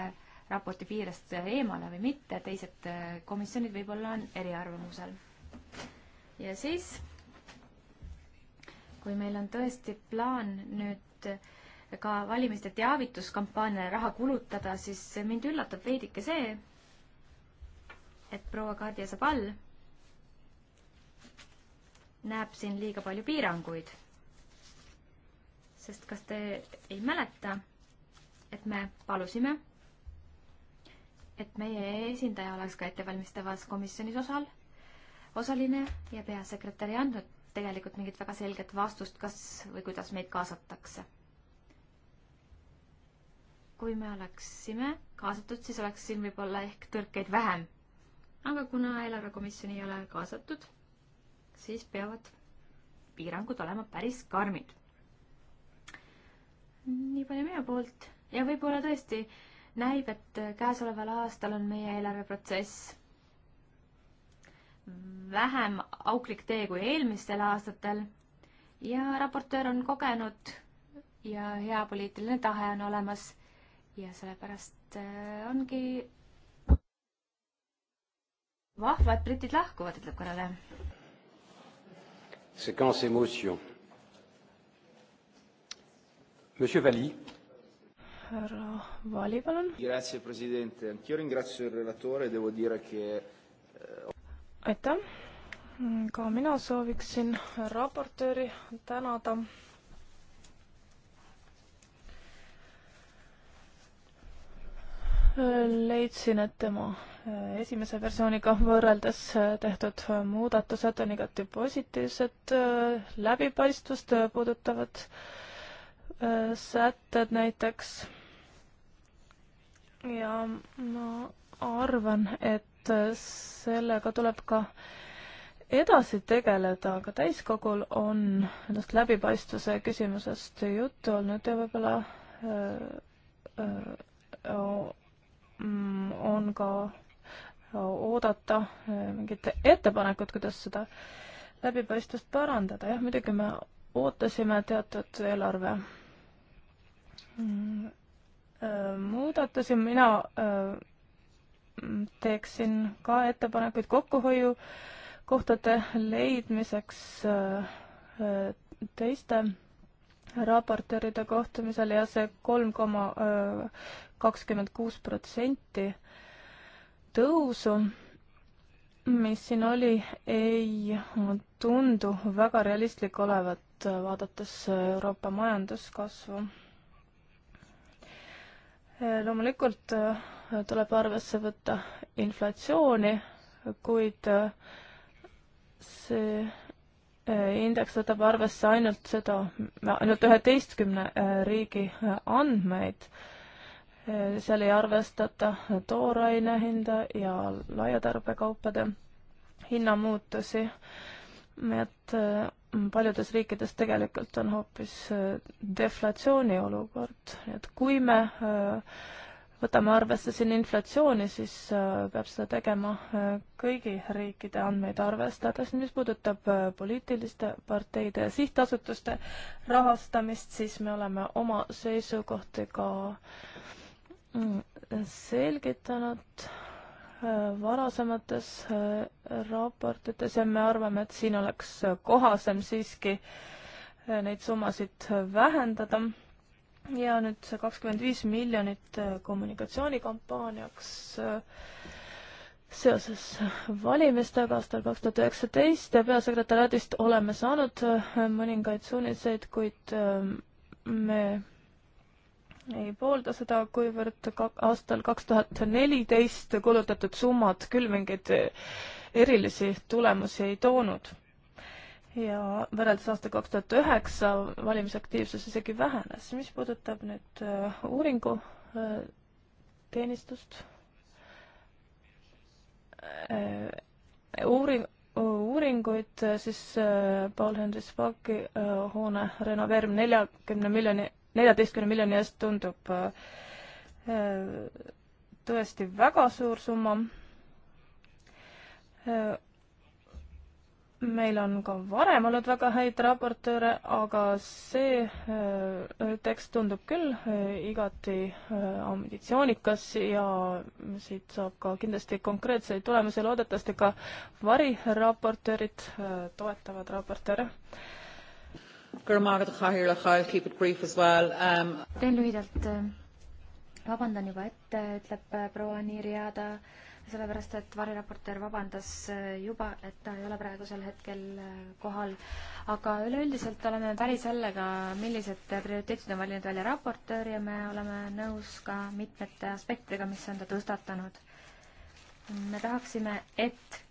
raporti piirest eemale või mitte, teised äh, komisjonid võib-olla on eriarvamusel. ja siis, kui meil on tõesti plaan nüüd äh, ka valimiste teavituskampaaniale raha kulutada, siis mind üllatab veidike see, et proua Kadja Sabal näeb siin liiga palju piiranguid. sest kas te ei mäleta, et me palusime, et meie esindaja oleks ka ettevalmistavas komisjonis osal, osaline ja peasekretär ei andnud tegelikult mingit väga selget vastust, kas või kuidas meid kaasatakse kui me oleksime kaasatud, siis oleks siin võib-olla ehk tõrkeid vähem. aga kuna eelarvekomisjon ei ole kaasatud, siis peavad piirangud olema päris karmid. nii palju minu poolt ja võib-olla tõesti näib, et käesoleval aastal on meie eelarveprotsess vähem auklik tee kui eelmistel aastatel ja raportöör on kogenud ja hea poliitiline tahe on olemas ja sellepärast äh, ongi vahva, et britid lahkuvad, ütleb kõneleja. Séquence émotion. Monsieur Valli. härra Valli, palun. Grazie, president. Anch'io ringrazio il relatore, devo dire che. Eh, aitäh. ka mina sooviksin raportööri tänada leidsin, et tema äh, esimese versiooniga võrreldes äh, tehtud muudatused on igati positiivsed, äh, läbipaistvust puudutavad sätted näiteks. ja ma arvan, et sellega tuleb ka edasi tegeleda, aga täiskogul on ennast läbipaistvuse küsimusest juttu olnud ja võib-olla öö, öö, Mm, on ka äh, oodata äh, mingit ettepanekut, kuidas seda läbipaistvust parandada, jah, muidugi me ootasime teatud eelarve mm, äh, muudatusi, mina teeksin ka ettepanekuid kokkuhoiukohtade leidmiseks teiste raportööride kohtumisel ja see kolm koma kakskümmend kuus protsenti tõusu, mis siin oli, ei tundu väga realistlik olevat, vaadates Euroopa majanduskasvu loomulikult äh, tuleb arvesse võtta inflatsiooni, kuid äh, see äh, indeks võtab arvesse ainult seda, ainult üheteistkümne riigi andmeid seal ei arvestata tooraine hinda ja laiatarbekaupade hinnamuutusi. nii et äh, paljudes riikides tegelikult on hoopis äh, deflatsiooni olukord, et kui me äh, võtame arvesse siin inflatsiooni, siis peab seda tegema kõigi riikide andmeid arvestades. mis puudutab poliitiliste parteide ja sihtasutuste rahastamist, siis me oleme oma seisukohti ka äh, selgitanud äh, varasemates äh, raportites ja me arvame, et siin oleks äh, kohasem siiski neid summasid vähendada. ja nüüd see kakskümmend viis miljonit kommunikatsioonikampaaniaks seoses valimistega aastal kaks tuhat üheksateist ja peasekretäriaadist oleme saanud mõningaid suuniseid, kuid me ei poolda seda, kuivõrd aastal kaks tuhat neliteist kulutatud summad küll mingeid erilisi tulemusi ei toonud. ja võrreldes aasta kaks tuhat üheksa valimisaktiivsus isegi vähenes. mis puudutab nüüd äh, uuringuteenistust, äh, äh, uuring, uuringuid, siis Paul-Henri Spaki hoone renoveerimine neljakümne miljoni neljateistkümne miljoni eest tundub äh, tõesti väga suur summa. Äh, meil on ka varem olnud väga häid raportööre, aga see äh, tekst tundub küll igati ambitsioonikas ja siit saab ka kindlasti konkreetseid tulemusi, loodetavasti ka variraportöörid toetavad raportööre Um, teen lühidalt, äh, vabandan juba ette, ütleb äh, proua Niiriada, sellepärast et variraportöör vabandas äh, juba, et ta ei ole praegusel hetkel kohal. aga üleüldiselt oleme päri sellega, millised prioriteetid on valinud välja raportöör ja me oleme nõus ka mitmete aspektidega, mis on ta tõstatanud. me tahaksime, et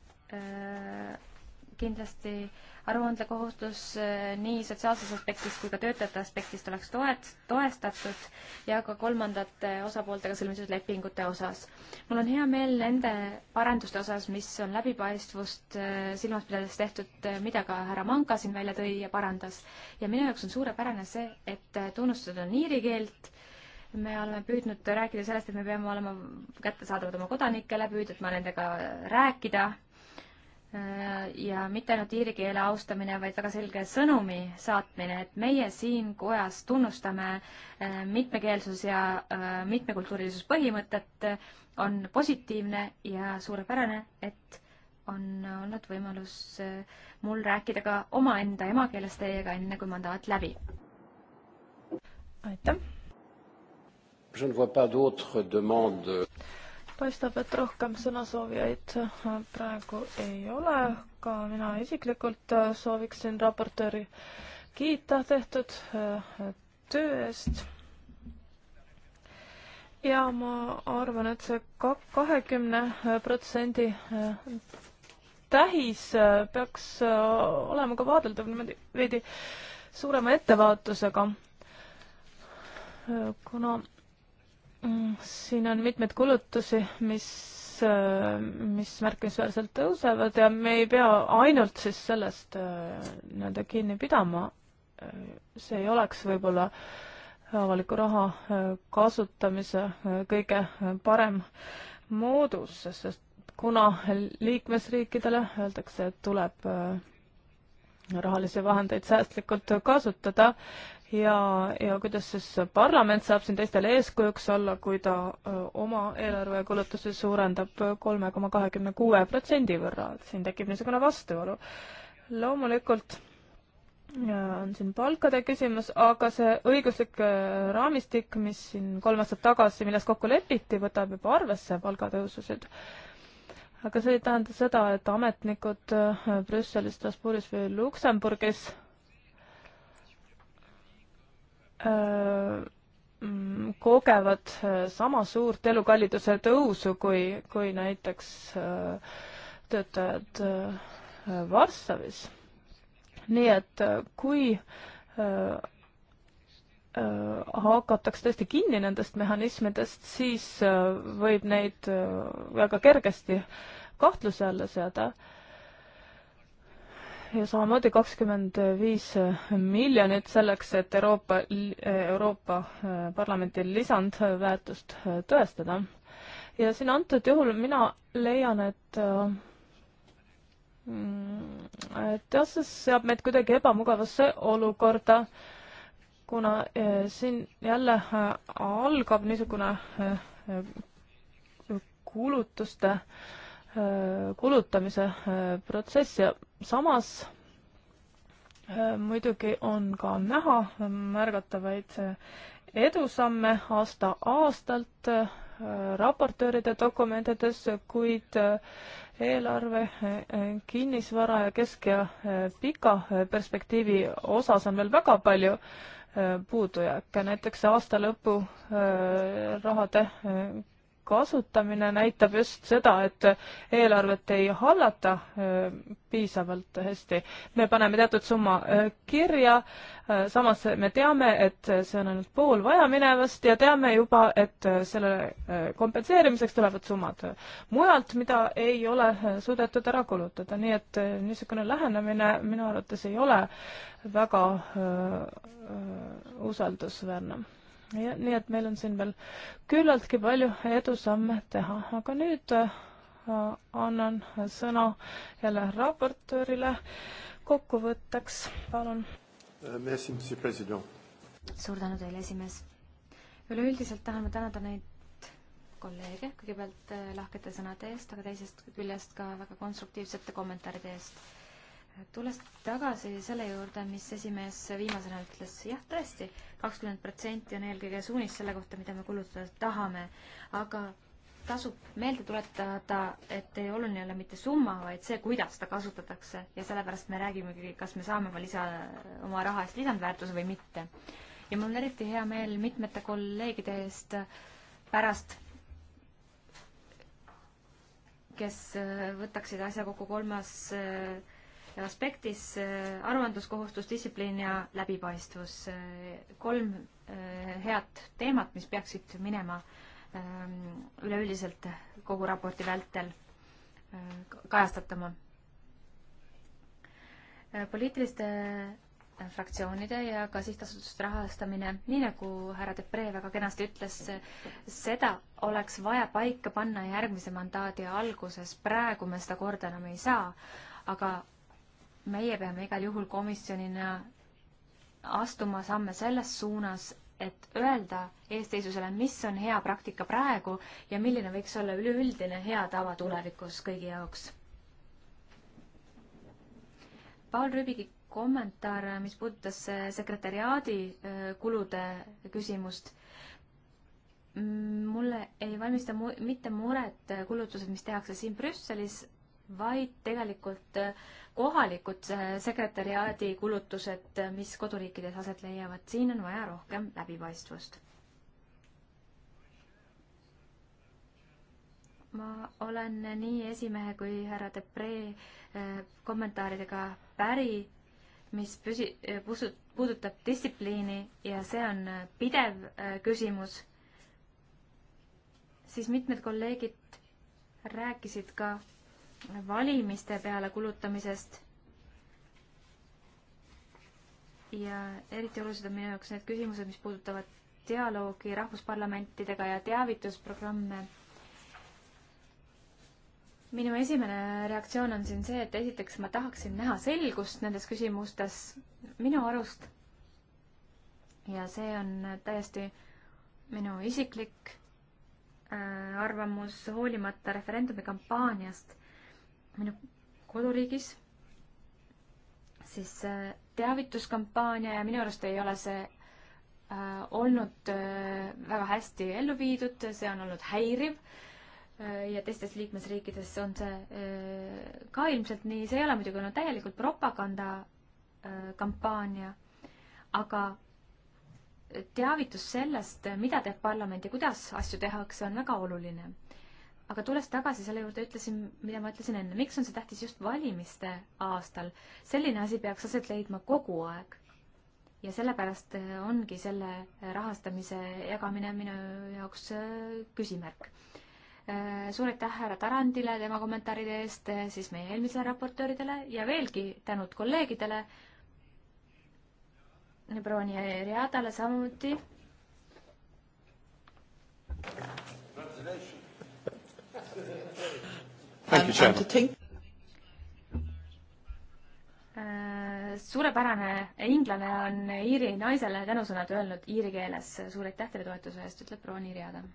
kindlasti äh, aruandekohustus eh, nii sotsiaalsest aspektist kui ka töötajate aspektist oleks toet-, toestatud ja ka kolmandate osapooltega sõlmitud lepingute osas. mul on hea meel nende parenduste osas, mis on läbipaistvust eh, silmas pidades tehtud, eh, mida ka härra Manka siin välja tõi ja parandas. ja minu jaoks on suurepärane see, et tunnustatud on iiri keelt, me oleme püüdnud rääkida sellest, et me peame olema kättesaadavad oma kodanikele, püüdnud ma nendega rääkida Äh, ja mitte ainult iiri keele austamine, vaid väga selge sõnumi saatmine, et meie siin kojas tunnustame äh, mitmekeelsus ja äh, mitmekultuurilisuse põhimõtet, on positiivne ja suurepärane, et on olnud võimalus mul rääkida ka omaenda emakeeles teiega, enne kui mandaat läbi. aitäh! paistab, et rohkem sõnasoovijaid äh, praegu ei ole, ka mina isiklikult äh, sooviksin raportööri kiita tehtud äh, töö eest. ja ma arvan, et see kahekümne protsendi tähis peaks olema ka vaadeldav niimoodi veidi suurema ettevaatusega, kuna Mm, siin on mitmeid kulutusi, mis, äh, mis märkimisväärselt tõusevad ja me ei pea ainult siis sellest äh, nii-öelda kinni pidama. Äh, see ei oleks võib-olla avaliku raha kasutamise kõige parem moodus, sest kuna liikmesriikidele öeldakse, et tuleb rahalisi vahendeid säästlikult kasutada, ja, ja kuidas siis parlament saab siin teistele eeskujuks olla, kui ta oma eelarvekulutusi suurendab kolme koma kahekümne kuue protsendi võrra, et siin tekib niisugune vastuolu. loomulikult ja on siin palkade küsimus, aga see õiguslik raamistik, mis siin kolm aastat tagasi, milles kokku lepiti, võtab juba arvesse palgatõususid aga see ei tähenda seda, et ametnikud Brüsselis, Strasbourgis või Luksemburgis Mm, kogevad sama suurt elukalliduse tõusu kui, kui näiteks töötajad Varssavis. nii et kui hakatakse tõesti kinni nendest mehhanismidest, siis võib neid väga kergesti kahtluse alla seada äh, ja samamoodi kakskümmend viis miljonit selleks, et Euroopa, Euroopa äh, Parlamendi lisandväärtust äh, tõestada. ja siin antud juhul mina leian, et äh, et jah, see seab meid kuidagi ebamugavasse olukorda, kuna siin jälle algab niisugune kulutuste äh, Äh, kulutamise äh, protsess ja samas äh, muidugi on ka näha märgatavaid edusamme aasta-aastalt raportööride dokumentides, kuid eelarve kinnisvara ja kesk- ja pika perspektiivi osas on veel väga palju puudujääke, näiteks aasta lõpu rahade kasutamine näitab just seda, et eelarvet ei hallata äh, piisavalt hästi. me paneme teatud summa äh, kirja, äh, samas me teame, et see on ainult pool vajaminevast ja teame juba, et selle kompenseerimiseks tulevad summad mujalt, mida ei ole suudetud ära kulutada, nii et niisugune lähenemine minu arvates ei ole väga usaldusväärne nii et meil on siin veel küllaltki palju edusamme teha, aga nüüd äh, annan sõna jälle raportöörile kokkuvõtteks, palun. Äh, suur tänu teile, esimees. üleüldiselt tahan ma tänada neid kolleege kõigepealt äh, lahkete sõnade eest, aga teisest küljest ka väga konstruktiivsete kommentaaride eest tulles tagasi selle juurde, mis esimees viimasena ütles, jah, tõesti, kakskümmend protsenti on eelkõige suunis selle kohta, mida me kulutada tahame, aga tasub meelde tuletada, et oluline ei ole mitte summa, vaid see, kuidas seda kasutatakse ja sellepärast me räägimegi, kas me saame oma lisa, oma raha eest lisandväärtuse või mitte. ja mul on eriti hea meel mitmete kolleegide eest pärast, kes võtaksid asja kokku kolmas äh, aspektis äh, aruandluskohustus, distsipliin ja läbipaistvus. Äh, kolm äh, head teemat, mis peaksid minema ähm, üleüldiselt kogu raporti vältel kajastatama. poliitiliste fraktsioonide ja ka sihtasutuste rahastamine, nii nagu härra Depre väga kenasti ütles, seda oleks vaja paika panna järgmise mandaadi alguses, praegu me seda korda enam ei saa, aga meie peame igal juhul komisjonina astuma samme selles suunas, et öelda eesteisusele, mis on hea praktika praegu ja milline võiks olla üleüldine hea tava tulevikus kõigi jaoks. Paul Rüübigi kommentaar, mis puudutas sekretäriaadi äh, kulude küsimust. mulle ei valmista mu mitte muret äh, kulutused, mis tehakse siin Brüsselis, vaid tegelikult äh, kohalikud äh, sekretäriaadi kulutused, äh, mis koduriikides aset leiavad, siin on vaja rohkem läbipaistvust. ma olen nii esimehe kui härra Depree kommentaaridega päri, mis püsi-, puudutab distsipliini ja see on pidev küsimus siis mitmed kolleegid rääkisid ka valimiste peale kulutamisest. ja eriti olulised on minu jaoks need küsimused, mis puudutavad dialoogi rahvusparlamentidega ja teavitusprogramme. minu esimene reaktsioon on siin see, et esiteks ma tahaksin näha selgust nendes küsimustes minu arust. ja see on täiesti minu isiklik äh, arvamus hoolimata referendumi kampaaniast minu koduriigis, siis äh, teavituskampaania ja minu arust ei ole see äh, olnud äh, väga hästi ellu viidud, see on olnud häiriv ja teistes liikmesriikides on see ka ilmselt nii, see ei ole muidugi olnud täielikult propagandakampaania, aga teavitus sellest, mida teeb parlament ja kuidas asju tehakse, on väga oluline aga tulles tagasi selle juurde, ütlesin, mida ma ütlesin enne, miks on see tähtis just valimiste aastal? selline asi peaks aset leidma kogu aeg. ja sellepärast ongi selle rahastamise jagamine minu jaoks äh, küsimärk. Äh, suur aitäh härra Tarandile tema kommentaaride eest, äh, siis meie eelmisele raportööridele ja veelgi tänud kolleegidele, proua Nii-Riadale samuti. and, and to think äh, suurepärane inglane on Iiri naisele tänusõnad öelnud iiri keeles. suur aitäh teile toetuse eest, ütleb proua Niiri Adam.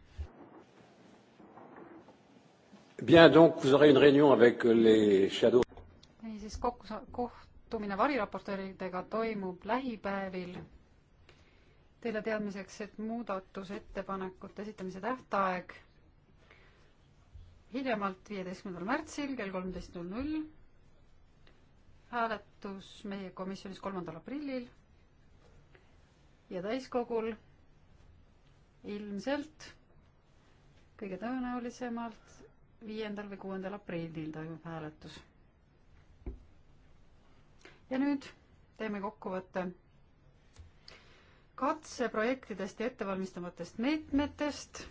Bien, donc vous aurez une réunion avec euh, les shadow. nii siis kokku, kohtumine variraportööridega toimub lähipäevil. Teile teadmiseks, et muudatusettepanekute esitamise tähtaeg hiljemalt viieteistkümnendal märtsil kell kolmteist null null. hääletus meie komisjonis kolmandal aprillil ja täiskogul ilmselt kõige tõenäolisemalt viiendal või kuuendal aprillil toimub hääletus. ja nüüd teeme kokkuvõtte katseprojektidest ja ettevalmistavatest meetmetest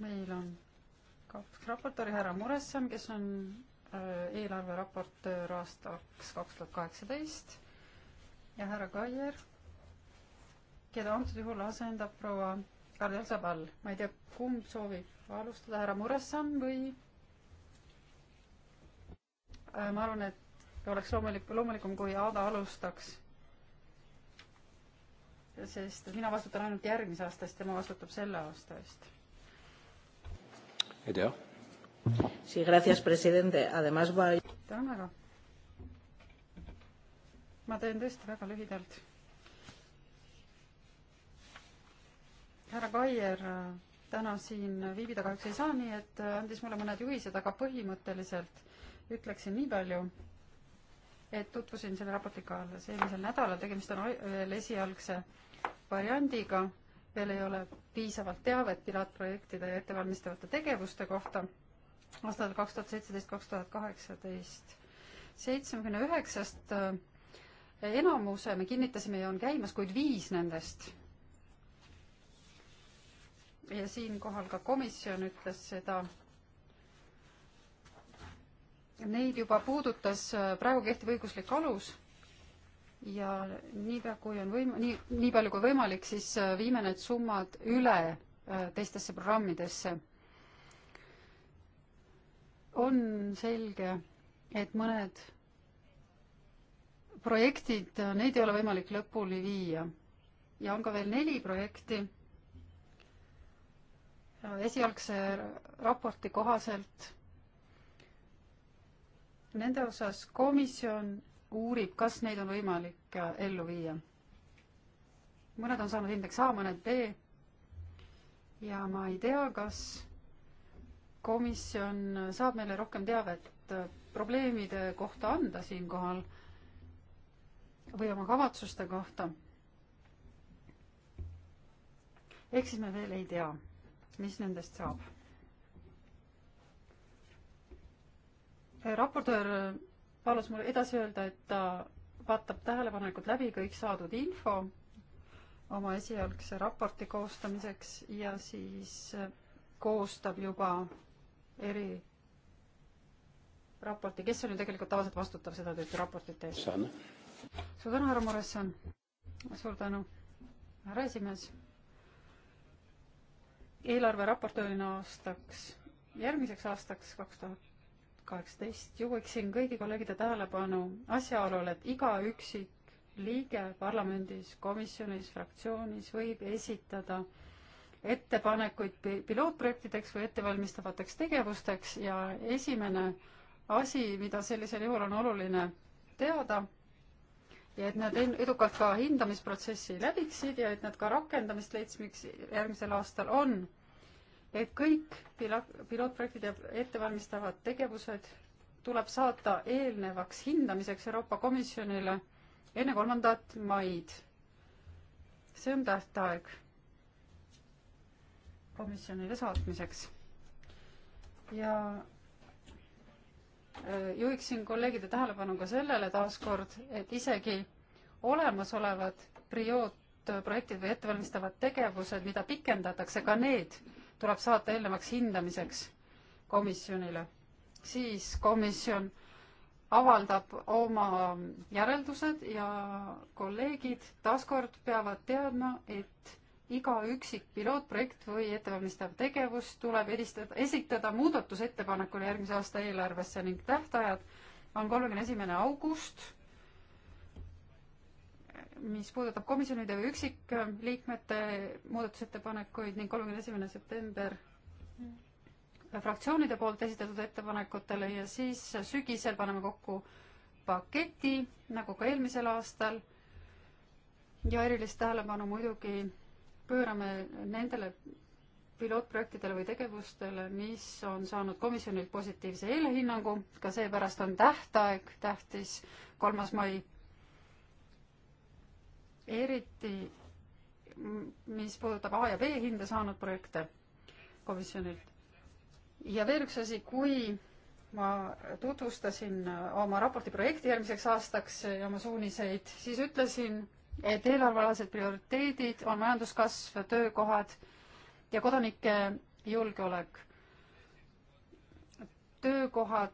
meil on kaks raportööri, härra Muresson, kes on äh, eelarveraportöör aastaks kaks tuhat kaheksateist ja härra Kaier, keda antud juhul asendab proua Karl Sabal. ma ei tea, kumb soovib alustada, härra Muresson või? Äh, ma arvan, et oleks loomulik, loomulikum, kui Aada alustaks. sest mina vastutan ainult järgmise aasta eest, tema vastutab selle aasta eest Sí, gracias, presidente. Además ma... tänan väga. ma teen tõesti väga lühidalt. härra Kaier täna siin viibida kahjuks ei saa, nii et andis mulle mõned juhised, aga põhimõtteliselt ütleksin nii palju, et tutvusin selle raportiga alles eelmisel nädalal, tegemist on veel esialgse variandiga veel ei ole piisavalt teavet pilootprojektide ja ettevalmistavate tegevuste kohta aastal kaks tuhat seitseteist, kaks tuhat kaheksateist. seitsmekümne üheksast äh, enamuse me kinnitasime ja on käimas, kuid viis nendest ja siinkohal ka komisjon ütles seda, neid juba puudutas äh, praegu kehtiv õiguslik alus ja niipea, kui on võim-, nii, nii palju kui võimalik, siis äh, viime need summad üle äh, teistesse programmidesse. on selge, et mõned projektid, äh, neid ei ole võimalik lõpuni viia. ja on ka veel neli projekti. esialgse raporti kohaselt nende osas komisjon uurib, kas neid on võimalik äh, ellu viia. mõned on saanud hindeks A, mõned B. ja ma ei tea, kas komisjon saab meile rohkem teavet äh, probleemide kohta anda siinkohal või oma kavatsuste kohta. ehk siis me veel ei tea, mis nendest saab. Äh, raportöör palus mul edasi öelda, et ta vaatab tähelepanelikult läbi kõik saadud info oma esialgse raporti koostamiseks ja siis äh, koostab juba eri raporti, kes on ju tegelikult tavaliselt vastutav seda tüüpi raportite eest? suur tänu, härra Muresson. suur tänu, härra esimees. eelarve raportöörina aastaks, järgmiseks aastaks kaks tuhat kaheksateist, juhiksin kõigi kolleegide tähelepanu asjaolule, et iga üksik liige parlamendis, komisjonis, fraktsioonis võib esitada ettepanekuid pilootprojektideks või ettevalmistavateks tegevusteks ja esimene asi, mida sellisel juhul on oluline teada, ja et nad edukalt ka hindamisprotsessi läbiksid ja et nad ka rakendamist leidsid, miks järgmisel aastal on et kõik pila-, pilootprojektid ja ettevalmistavad tegevused tuleb saata eelnevaks hindamiseks Euroopa Komisjonile enne kolmandat maid. see on tähtaeg komisjonile saatmiseks. ja äh, juhiksin kolleegide tähelepanu ka sellele taaskord, et isegi olemasolevad priootprojektid või ettevalmistavad tegevused, mida pikendatakse, ka need tuleb saata eelnevaks hindamiseks komisjonile. siis komisjon avaldab oma järeldused ja kolleegid taaskord peavad teadma, et iga üksik pilootprojekt või ettevalmistav tegevus tuleb edistada, esitada muudatusettepanekule järgmise aasta eelarvesse ning tähtajad on kolmekümne esimene august mis puudutab komisjonide või üksikliikmete muudatusettepanekuid ning kolmekümne esimene september fraktsioonide poolt esitatud ettepanekutele ja siis sügisel paneme kokku paketi, nagu ka eelmisel aastal. ja erilist tähelepanu muidugi pöörame nendele pilootprojektidele või tegevustele, mis on saanud komisjonilt positiivse eelhinnangu, ka seepärast on tähtaeg tähtis, kolmas mai eriti mis puudutab A ja B hinde saanud projekte komisjonilt. ja veel üks asi, kui ma tutvustasin oma raporti projekti järgmiseks aastaks ja oma suuniseid, siis ütlesin, et eelarvealased prioriteedid on majanduskasv, töökohad ja kodanike julgeolek. töökohad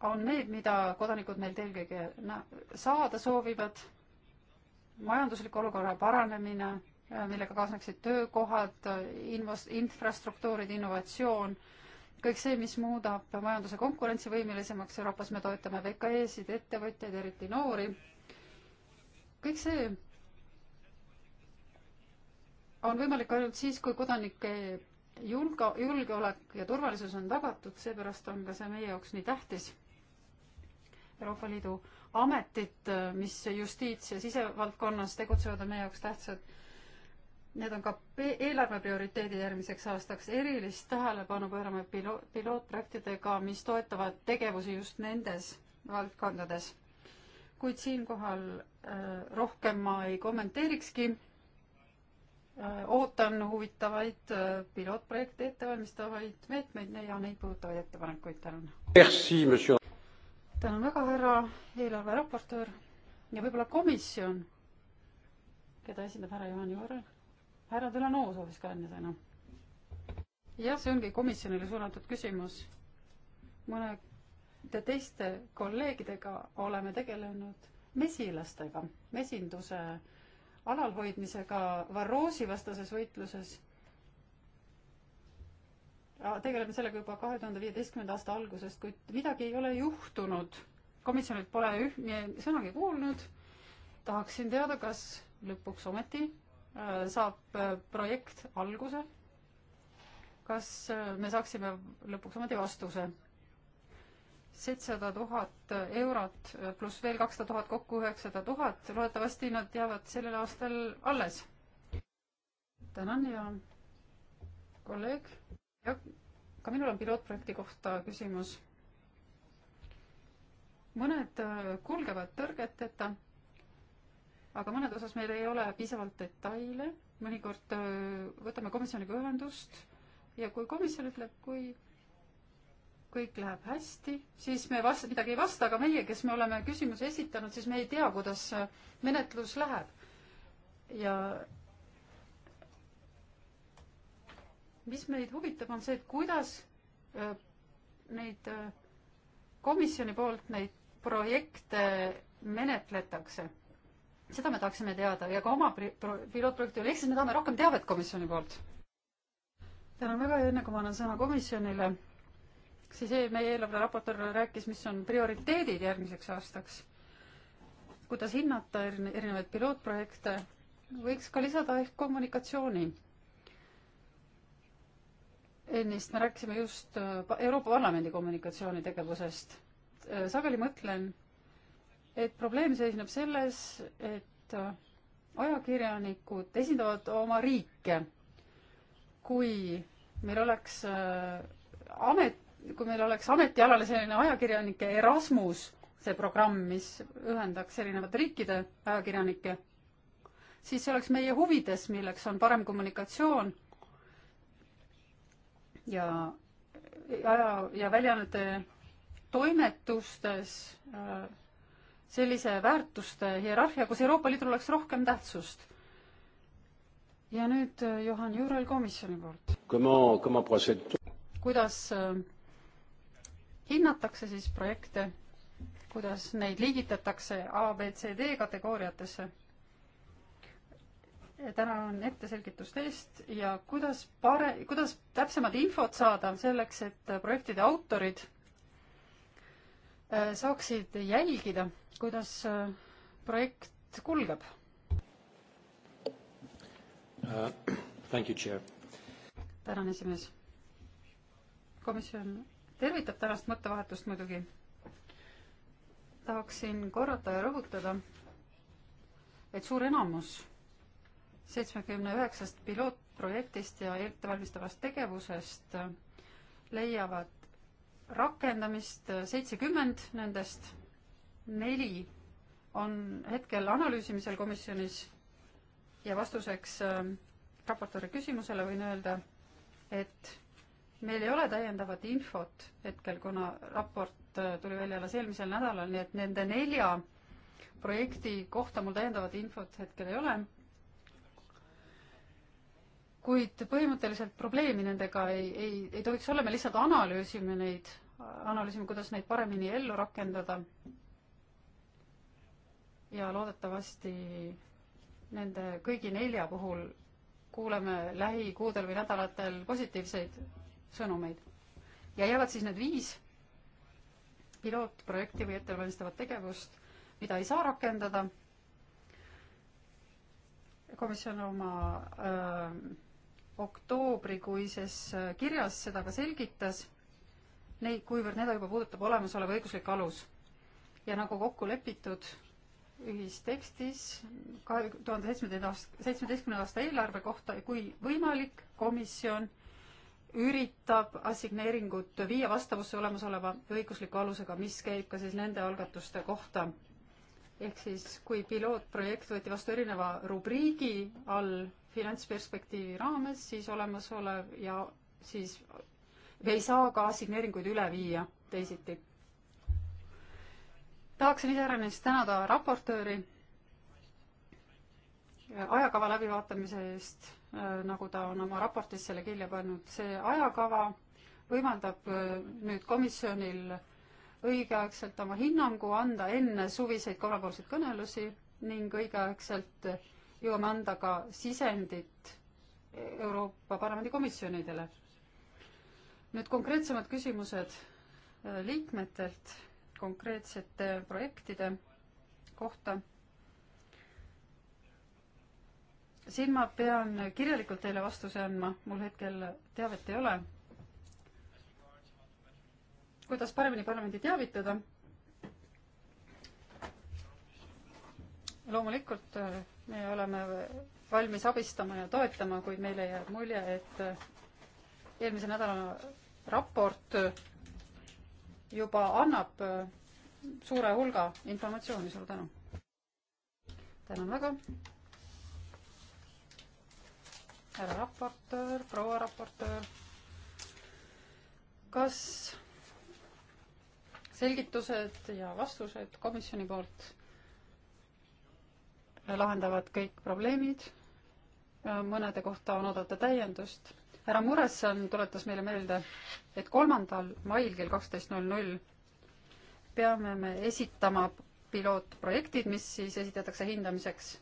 on need, mida kodanikud meilt eelkõige saada soovivad majandusliku olukorra paranemine, millega kaasneksid töökohad, invest-, infrastruktuurid, innovatsioon, kõik see, mis muudab majanduse konkurentsivõimelisemaks Euroopas, me toetame VKE-sid, ettevõtjaid, eriti noori, kõik see on võimalik ainult siis, kui kodanike julge, julgeolek ja turvalisus on tagatud, seepärast on ka see meie jaoks nii tähtis. Euroopa Liidu ametit, äh, mis justiits- ja sisevaldkonnas tegutsevad, on meie jaoks tähtsad. Need on ka eelarve prioriteedid järgmiseks aastaks. erilist tähelepanu pöörame pilo-, pilootprojektidega, mis toetavad tegevusi just nendes valdkondades. kuid siinkohal äh, rohkem ma ei kommenteerikski äh,. ootan huvitavaid äh, pilootprojekte ettevalmistavaid meetmeid ja neid puudutavaid ettepanekuid. tänan tänan väga, härra eelarveraportöör ja võib-olla komisjon, keda esindab härra Juhan Juhar. härra Delano soovis ka enne sõna. jah, see ongi komisjonile suunatud küsimus. mõnede teiste kolleegidega oleme tegelenud mesilastega, mesinduse alalhoidmisega Varroosi vastases võitluses tegeleme sellega juba kahe tuhande viieteistkümnenda aasta algusest, kuid midagi ei ole juhtunud. komisjonilt pole üh-, sõnagi kuulnud. tahaksin teada, kas lõpuks ometi äh, saab äh, projekt alguse. kas äh, me saaksime lõpuks ometi vastuse? seitsesada tuhat eurot pluss veel kakssada tuhat, kokku üheksasada tuhat, loodetavasti nad jäävad sellel aastal alles. tänan ja kolleeg jah, ka minul on pilootprojekti kohta küsimus. mõned äh, kulgevad tõrgeteta, aga mõned osas meil ei ole piisavalt detaile, mõnikord äh, võtame komisjoniga ühendust ja kui komisjon ütleb, kui kõik läheb hästi, siis me vast-, midagi ei vasta, aga meie, kes me oleme küsimuse esitanud, siis me ei tea, kuidas äh, menetlus läheb. ja mis meid huvitab, on see, et kuidas äh, neid äh, komisjoni poolt neid projekte menetletakse. seda me tahaksime teada ja ka oma pilootprojekti üle, ehk siis me tahame rohkem teavet komisjoni poolt. tänan väga ja enne kui ma annan sõna komisjonile, siis e-, meie eelarve raportöör rääkis, mis on prioriteedid järgmiseks aastaks. kuidas hinnata erinevaid pilootprojekte, võiks ka lisada ehk kommunikatsiooni ennist me rääkisime just äh, Euroopa Parlamendi kommunikatsioonitegevusest. Äh, sageli mõtlen, et probleem seisneb selles, et äh, ajakirjanikud esindavad oma riike. kui meil oleks amet, kui meil oleks ametialale selline ajakirjanike Erasmus, see programm, mis ühendaks erinevate riikide ajakirjanikke, siis see oleks meie huvides, milleks on parem kommunikatsioon ja aja ja väljaannete toimetustes äh, sellise väärtuste hierarhia, kus Euroopa Liidul oleks rohkem tähtsust ja nüüd äh, Johan Jurel komisjoni poolt. kuidas äh, hinnatakse siis projekte, kuidas neid liigitatakse A, B, C, D kategooriatesse? tänan etteselgituste eest ja kuidas pare-, kuidas täpsemat infot saada selleks, et projektide autorid äh, saaksid jälgida, kuidas äh, projekt kulgeb uh,? tänan, esimees. komisjon tervitab tänast mõttevahetust muidugi. tahaksin korrata ja rõhutada, et suur enamus seitsmekümne üheksast pilootprojektist ja ettevalmistavast tegevusest leiavad rakendamist seitsekümmend nendest, neli on hetkel analüüsimisel komisjonis ja vastuseks äh, raportööri küsimusele võin öelda, et meil ei ole täiendavat infot hetkel, kuna raport äh, tuli välja alles eelmisel nädalal, nii et nende nelja projekti kohta mul täiendavat infot hetkel ei ole kuid põhimõtteliselt probleemi nendega ei, ei, ei tohiks olla, me lihtsalt analüüsime neid, analüüsime, kuidas neid paremini ellu rakendada. ja loodetavasti nende kõigi nelja puhul kuuleme lähikuudel või nädalatel positiivseid sõnumeid. ja jäävad siis need viis pilootprojekti või ettevalmistavat tegevust, mida ei saa rakendada. komisjon oma öö, ähm, oktoobrikuises äh, kirjas seda ka selgitas, neid, kuivõrd need juba puudutab olemasolev õiguslik alus. ja nagu kokku lepitud ühistekstis kahe tuhande seitsmeteist aasta, seitsmeteistkümnenda aasta eelarve kohta, kui võimalik, komisjon üritab assigneeringut viia vastavusse olemasoleva õigusliku alusega, mis käib ka siis nende algatuste kohta. ehk siis, kui pilootprojekt võeti vastu erineva rubriigi all, finantsperspektiivi raames siis olemasolev ja siis me ei saa ka assigneeringuid üle viia teisiti. tahaksin iseäranis tänada raportööri ajakava läbivaatamise eest, nagu ta on oma raportis selle kirja pannud. see ajakava võimaldab äh, nüüd komisjonil õigeaegselt oma hinnangu anda enne suviseid kolmepoolseid kõnelusi ning õigeaegselt jõuame anda ka sisendit Euroopa Parlamendi komisjonidele. nüüd konkreetsemad küsimused äh, liikmetelt konkreetsete projektide kohta. siin ma pean kirjalikult teile vastuse andma, mul hetkel teavet ei ole. kuidas paremini parlamendi teavitada loomulikult äh, me oleme valmis abistama ja toetama, kuid meile jääb mulje, et äh, eelmise nädala raport äh, juba annab suure hulga informatsiooni, suur tänu. tänan väga. härra raportöör, proua raportöör. kas selgitused ja vastused komisjoni poolt? lahendavad kõik probleemid, mõnede kohta on oodata täiendust. härra Muresson tuletas meile meelde, et kolmandal mail kell kaksteist null null peame me esitama pilootprojektid, mis siis esitatakse hindamiseks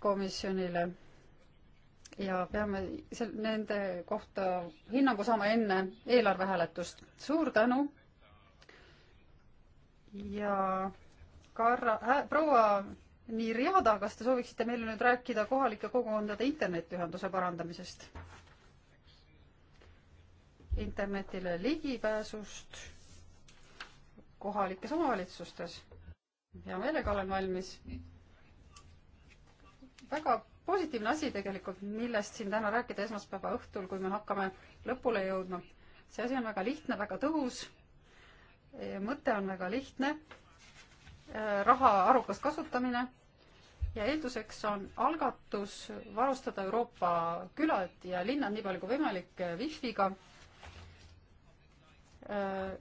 komisjonile. ja peame sel-, nende kohta hinnangu saama enne eelarve hääletust. suur tänu ja Karra äh,, proua nii Riada, kas te sooviksite meile nüüd rääkida kohalike kogukondade internetiühenduse parandamisest? internetile ligipääsust kohalikes omavalitsustes. hea meelega olen valmis. väga positiivne asi tegelikult, millest siin täna rääkida esmaspäeva õhtul, kui me hakkame lõpule jõudma. see asi on väga lihtne, väga tõhus. mõte on väga lihtne raha arukas kasutamine ja eelduseks on algatus varustada Euroopa külad ja linnad nii palju kui võimalik eh, wifi'ga eh,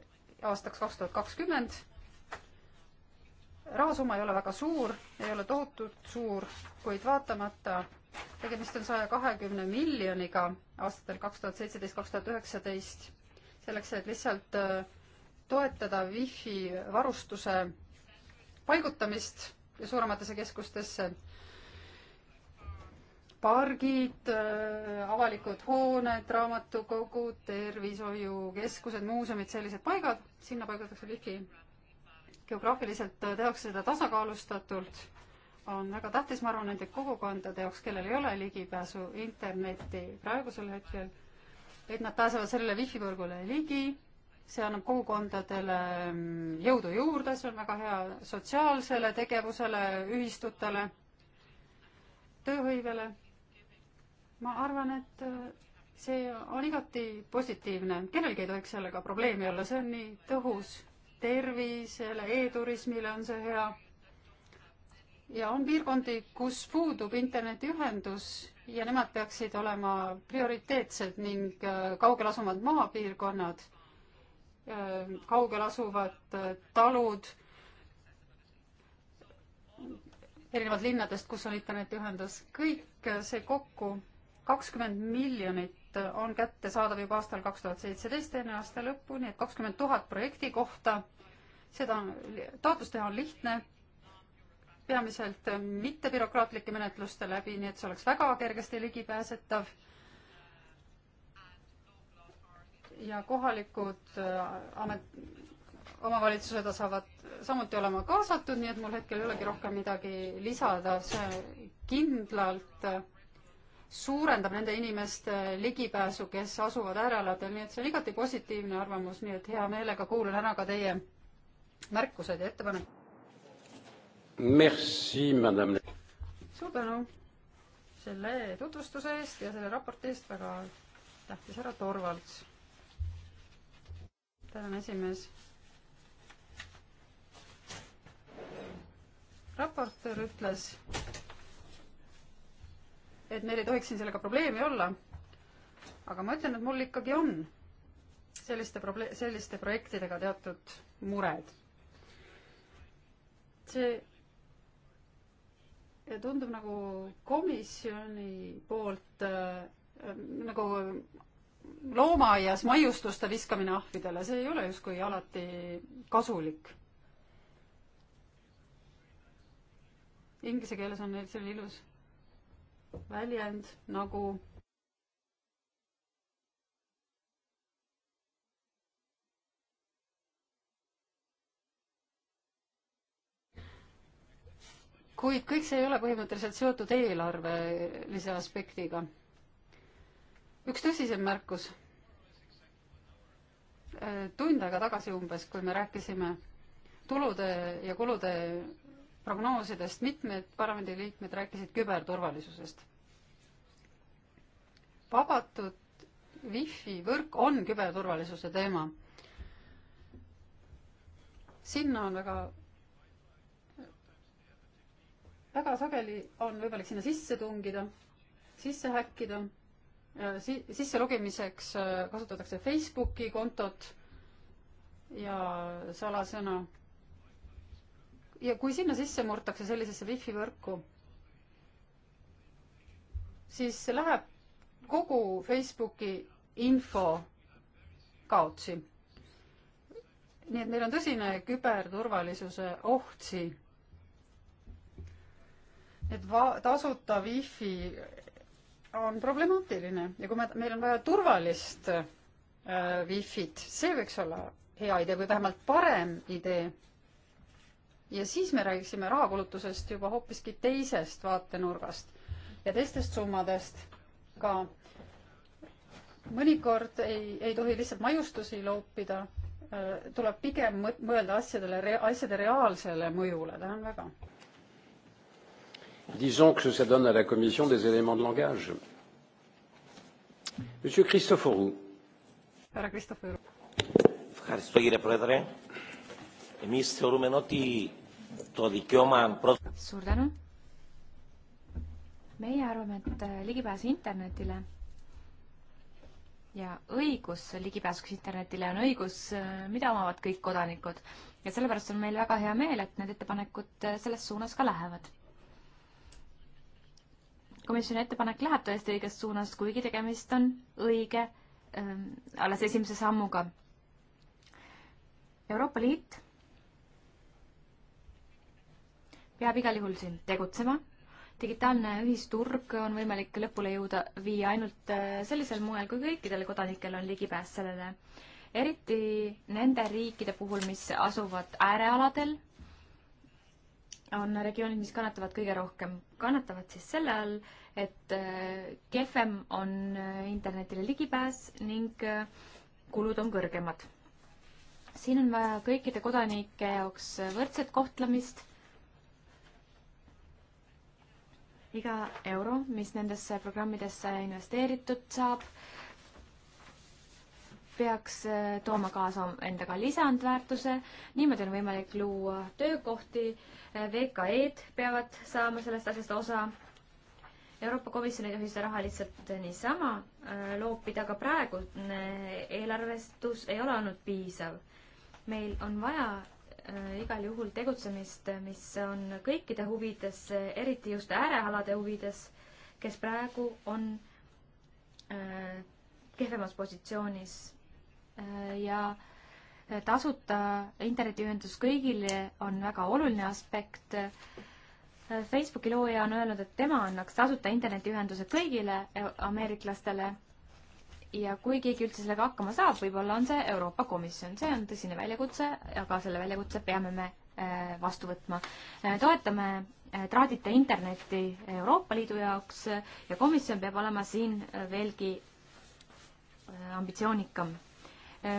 aastaks kaks tuhat kakskümmend. rahasumma ei ole väga suur, ei ole tohutult suur, kuid vaatamata tegemist on saja kahekümne miljoniga aastatel kaks tuhat seitseteist, kaks tuhat üheksateist, selleks, et lihtsalt eh, toetada wifi varustuse paigutamist suurematesse keskustesse. pargid, äh, avalikud hooned, raamatukogud, tervishoiukeskused, muuseumid, sellised paigad, sinna paigutatakse ligi. geograafiliselt äh, tehakse seda tasakaalustatult, on väga tähtis, ma arvan, nende kogukondade jaoks, kellel ei ole ligipääsu internetti praegusel hetkel, et nad pääsevad sellele wifi võrgule ligi see annab kogukondadele mm, jõudu juurde, see on väga hea sotsiaalsele tegevusele, ühistutele, tööhõivele. ma arvan, et äh, see on igati positiivne, kellelgi ei tohiks sellega probleemi olla, see on nii tõhus tervisele e, e-turismile on see hea. ja on piirkondi, kus puudub internetiühendus ja nemad peaksid olema prioriteetsed ning äh, kaugel asumad maapiirkonnad Äh, kaugel asuvad äh, talud, erinevalt linnadest, kus on internetiühendus, kõik äh, see kokku, kakskümmend miljonit on kättesaadav juba aastal kaks tuhat seitseteist, enne aasta lõppu, nii et kakskümmend tuhat projekti kohta. seda, taotlust teha on lihtne, peamiselt mittebürokraatlike menetluste läbi, nii et see oleks väga kergesti ligipääsetav ja kohalikud äh, amet, omavalitsused saavad samuti olema kaasatud, nii et mul hetkel ei olegi rohkem midagi lisada, see kindlalt äh, suurendab nende inimeste ligipääsu, kes asuvad äärealadel, nii et see on igati positiivne arvamus, nii et hea meelega kuulan ära ka teie märkused ja ettepanekud. Merci, madame. suur tänu selle tutvustuse eest ja selle raporti eest, väga tähtis härra Torvalds tänan, esimees. raportöör ütles, et meil ei tohiks siin sellega probleemi olla. aga ma ütlen, et mul ikkagi on selliste proble-, selliste projektidega teatud mured. see ja tundub nagu komisjoni poolt äh, nagu loomaaias maiustuste viskamine ahvidele, see ei ole justkui alati kasulik. Inglise keeles on neil selline ilus väljend nagu kuid kõik see ei ole põhimõtteliselt seotud eelarvelise aspektiga üks tõsisem märkus. Äh, tund aega tagasi umbes, kui me rääkisime tulude ja kulude prognoosidest, mitmed parlamendiliikmed rääkisid küberturvalisusest. vabatud wifi võrk on küberturvalisuse teema. sinna on väga väga sageli on võimalik sinna sisse tungida, sisse häkkida Äh, si-, sisselogimiseks äh, kasutatakse Facebooki kontot ja salasõna. ja kui sinna sisse murtakse sellisesse wifi võrku, siis läheb kogu Facebooki info kaotsi. nii et meil on tõsine küberturvalisuse oht siin. et va-, tasuta wifi on problemaatiline ja kui me, meil on vaja turvalist äh, Wi-Fit, see võiks olla hea idee või vähemalt parem idee. ja siis me räägiksime rahakulutusest juba hoopiski teisest vaatenurgast ja teistest summadest ka. mõnikord ei, ei tohi lihtsalt maiustusi loopida äh,, tuleb pigem mõelda asjadele, asjade reaalsele mõjule, tänan väga Disons que ça donne à la Commission des éléments de langage. Monsieur Christophorou. Ευχαριστώ κύριε Πρόεδρε. Εμείς θεωρούμε ότι το δικαίωμα... Suur tänu. Meie arvame, et äh, ligipääs internetile ja õigus ligipääsuks internetile on õigus, äh, mida omavad kõik kodanikud. ja sellepärast on meil väga hea meel, et need ettepanekud äh, selles suunas ka lähevad komisjoni ettepanek läheb tõesti õiges suunas, kuigi tegemist on õige ähm, alles esimese sammuga. Euroopa Liit peab igal juhul siin tegutsema. digitaalne ühisturg on võimalik lõpule jõuda viia ainult äh, sellisel moel, kui kõikidel kodanikel on ligipääs sellele. eriti nende riikide puhul, mis asuvad äärealadel on regioonid, mis kannatavad kõige rohkem. kannatavad siis selle all, et äh, kehvem on äh, internetile ligipääs ning äh, kulud on kõrgemad. siin on vaja kõikide kodanike jaoks võrdset kohtlemist. iga euro, mis nendesse programmidesse investeeritud saab peaks äh, tooma kaasa endaga lisandväärtuse, niimoodi on võimalik luua töökohti, äh, VKE-d peavad saama sellest asjast osa. Euroopa Komisjon ei tohi seda raha lihtsalt äh, niisama loopida, aga praegune eelarvestus ei ole olnud piisav. meil on vaja igal juhul tegutsemist, mis on kõikide huvides, eriti just äärealade huvides, kes praegu on kehvemas positsioonis Äh, ja äh, tasuta internetiühendus kõigile on väga oluline aspekt. Äh, Facebooki looja on öelnud, et tema annaks tasuta internetiühenduse kõigile e, ameeriklastele ja kui keegi üldse sellega hakkama saab, võib-olla on see Euroopa Komisjon, see on tõsine väljakutse, aga selle väljakutse peame me vastu võtma. toetame traadita internetti Euroopa Liidu jaoks ja komisjon peab olema siin veelgi ambitsioonikam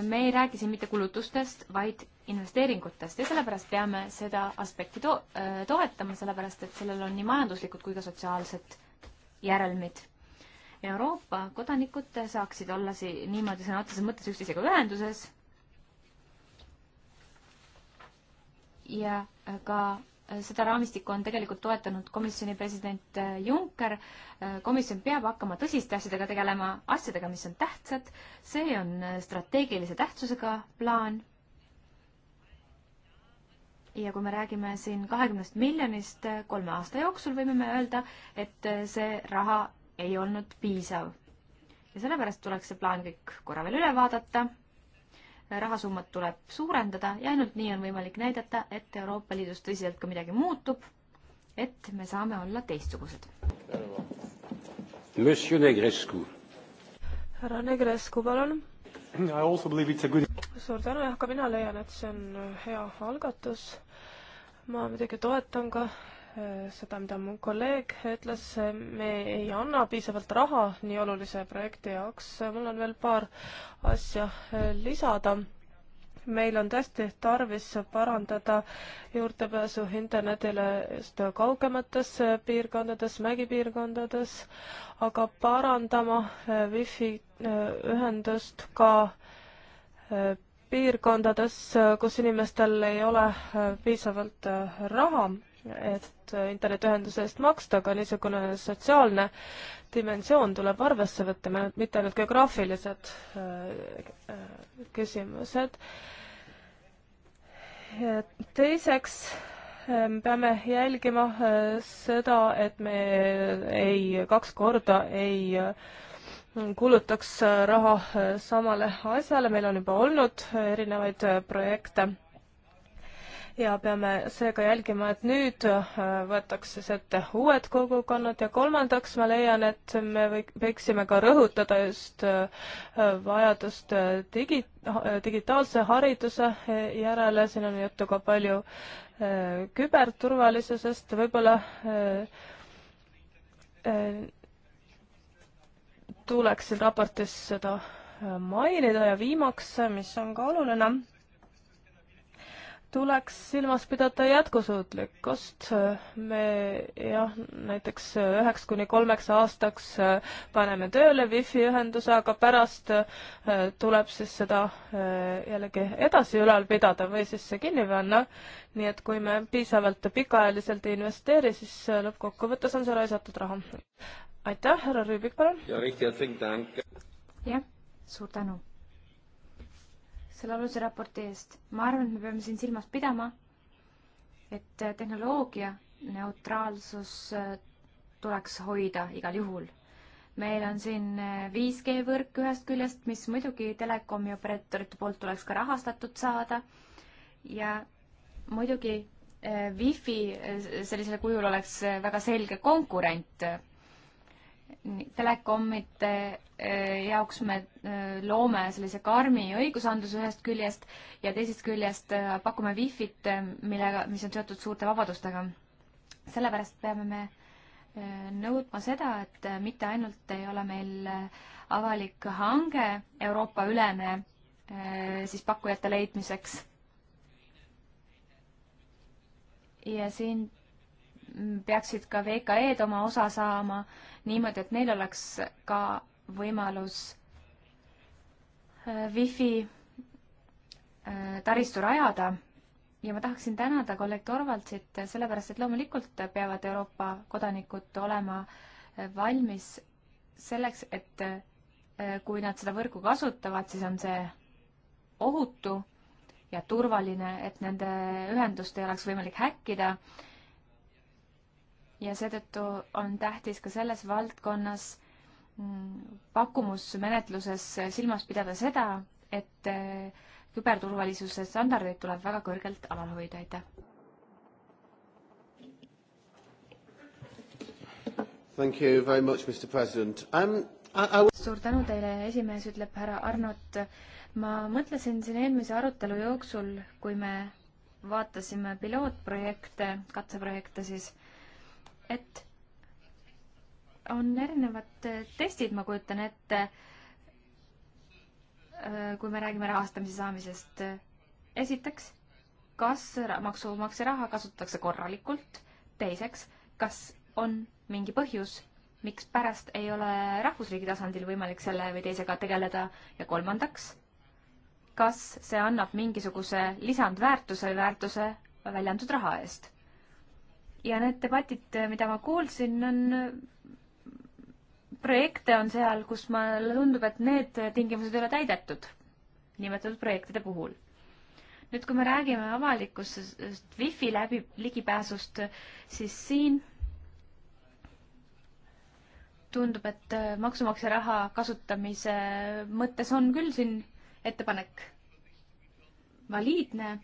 me ei räägi siin mitte kulutustest, vaid investeeringutest ja sellepärast peame seda aspekti to-, äh, toetama, sellepärast et sellel on nii majanduslikud kui ka sotsiaalsed järelmid. Euroopa kodanikud saaksid olla si-, niimoodi sõna otseses mõttes üksteisega ühenduses ja ka seda raamistikku on tegelikult toetanud komisjoni president äh, Juncker. Äh, komisjon peab hakkama tõsiste asjadega tegelema, asjadega, mis on tähtsad. see on äh, strateegilise tähtsusega plaan. ja kui me räägime siin kahekümnest miljonist kolme aasta jooksul, võime me öelda, et see raha ei olnud piisav. ja sellepärast tuleks see plaan kõik korra veel üle vaadata rahasummat tuleb suurendada ja ainult nii on võimalik näidata, et Euroopa Liidus tõsiselt ka midagi muutub, et me saame olla teistsugused. härra Negrescu, palun. Good... suur tänu, jah, ka mina leian, et see on hea algatus. ma muidugi toetan ka seda, mida mu kolleeg ütles, me ei anna piisavalt raha nii olulise projekti jaoks, mul on veel paar asja lisada. meil on tõesti tarvis parandada juurdepääsu internetile just kaugemates piirkondades, mägipiirkondades, aga parandama wifi äh, ühendust ka äh, piirkondades, kus inimestel ei ole äh, piisavalt raha et internetiühenduse eest maksta, aga niisugune sotsiaalne dimensioon tuleb arvesse võtta, mitte ainult geograafilised äh, äh, küsimused. teiseks äh, peame jälgima seda, et me ei, kaks korda ei kulutaks raha samale asjale, meil on juba olnud erinevaid projekte ja peame seega jälgima, et nüüd äh, võetakse ette uued kogukonnad ja kolmandaks ma leian, et me võiksime ka rõhutada just äh, vajadust äh, digi, digitaalse hariduse järele, siin on juttu ka palju küberturvalisusest, võib-olla tuleks siin raportis seda mainida ja viimaks, mis on ka oluline tuleks silmas pidada jätkusuutlikkust. me jah, näiteks üheks kuni kolmeks aastaks äh, paneme tööle wifi ühenduse, aga pärast äh, tuleb siis seda äh, jällegi edasi ülal pidada või siis see kinni panna. nii et kui me piisavalt pikaajaliselt ei investeeri, siis lõppkokkuvõttes on see raisatud raha. aitäh, härra Rüübik, palun! jah, suur tänu! selle olulise raporti eest. ma arvan, et me peame siin silmas pidama, et tehnoloogia neutraalsus äh, tuleks hoida igal juhul. meil on siin 5G äh, võrk ühest küljest, mis muidugi telekomi operaatorite poolt tuleks ka rahastatud saada ja muidugi äh, Wi-Fi sellisel kujul oleks väga selge konkurent telekommide äh, jaoks me äh, loome sellise karmi õigusandluse ühest küljest ja teisest küljest äh, pakume wifi't, millega, mis on seotud suurte vabadustega. sellepärast peame me nõudma seda, et mitte ainult ei ole meil avalik hange Euroopa-ülene siis pakkujate leidmiseks. ja siin mm, peaksid ka VKE-d oma osa saama niimoodi, et neil oleks ka võimalus äh, wifi äh, taristu rajada ja ma tahaksin tänada kolleeg Torvaldsit, äh, sellepärast et loomulikult peavad Euroopa kodanikud olema valmis selleks, et kui nad seda võrku kasutavad, siis on see ohutu ja turvaline, et nende ühendust ei oleks võimalik häkkida ja seetõttu on tähtis ka selles valdkonnas mm, pakkumusmenetluses silmas pidada seda, et eh, küberturvalisuse standardeid tuleb väga kõrgelt alal hoida, aitäh! Thank you very much, Mr President um,. I, I... suur tänu teile, esimees, ütleb härra Arnot. ma mõtlesin siin eelmise arutelu jooksul, kui me vaatasime pilootprojekte, katseprojekte siis, et on erinevad testid, ma kujutan ette, kui me räägime rahastamise saamisest. esiteks, kas maksumaksja raha kasutatakse korralikult, teiseks, kas on mingi põhjus, miks pärast ei ole rahvusriigi tasandil võimalik selle või teisega tegeleda ja kolmandaks, kas see annab mingisuguse lisandväärtuse, väärtuse välja antud raha eest ja need debatid, äh, mida ma kuulsin, on, äh, projekte on seal, kus mulle tundub, et need tingimused ei ole täidetud nimetatud projektide puhul. nüüd, kui me räägime avalikkusest wifi läbi ligipääsust, siis siin tundub, et äh, maksumaksja raha kasutamise mõttes on küll siin ettepanek valiidne,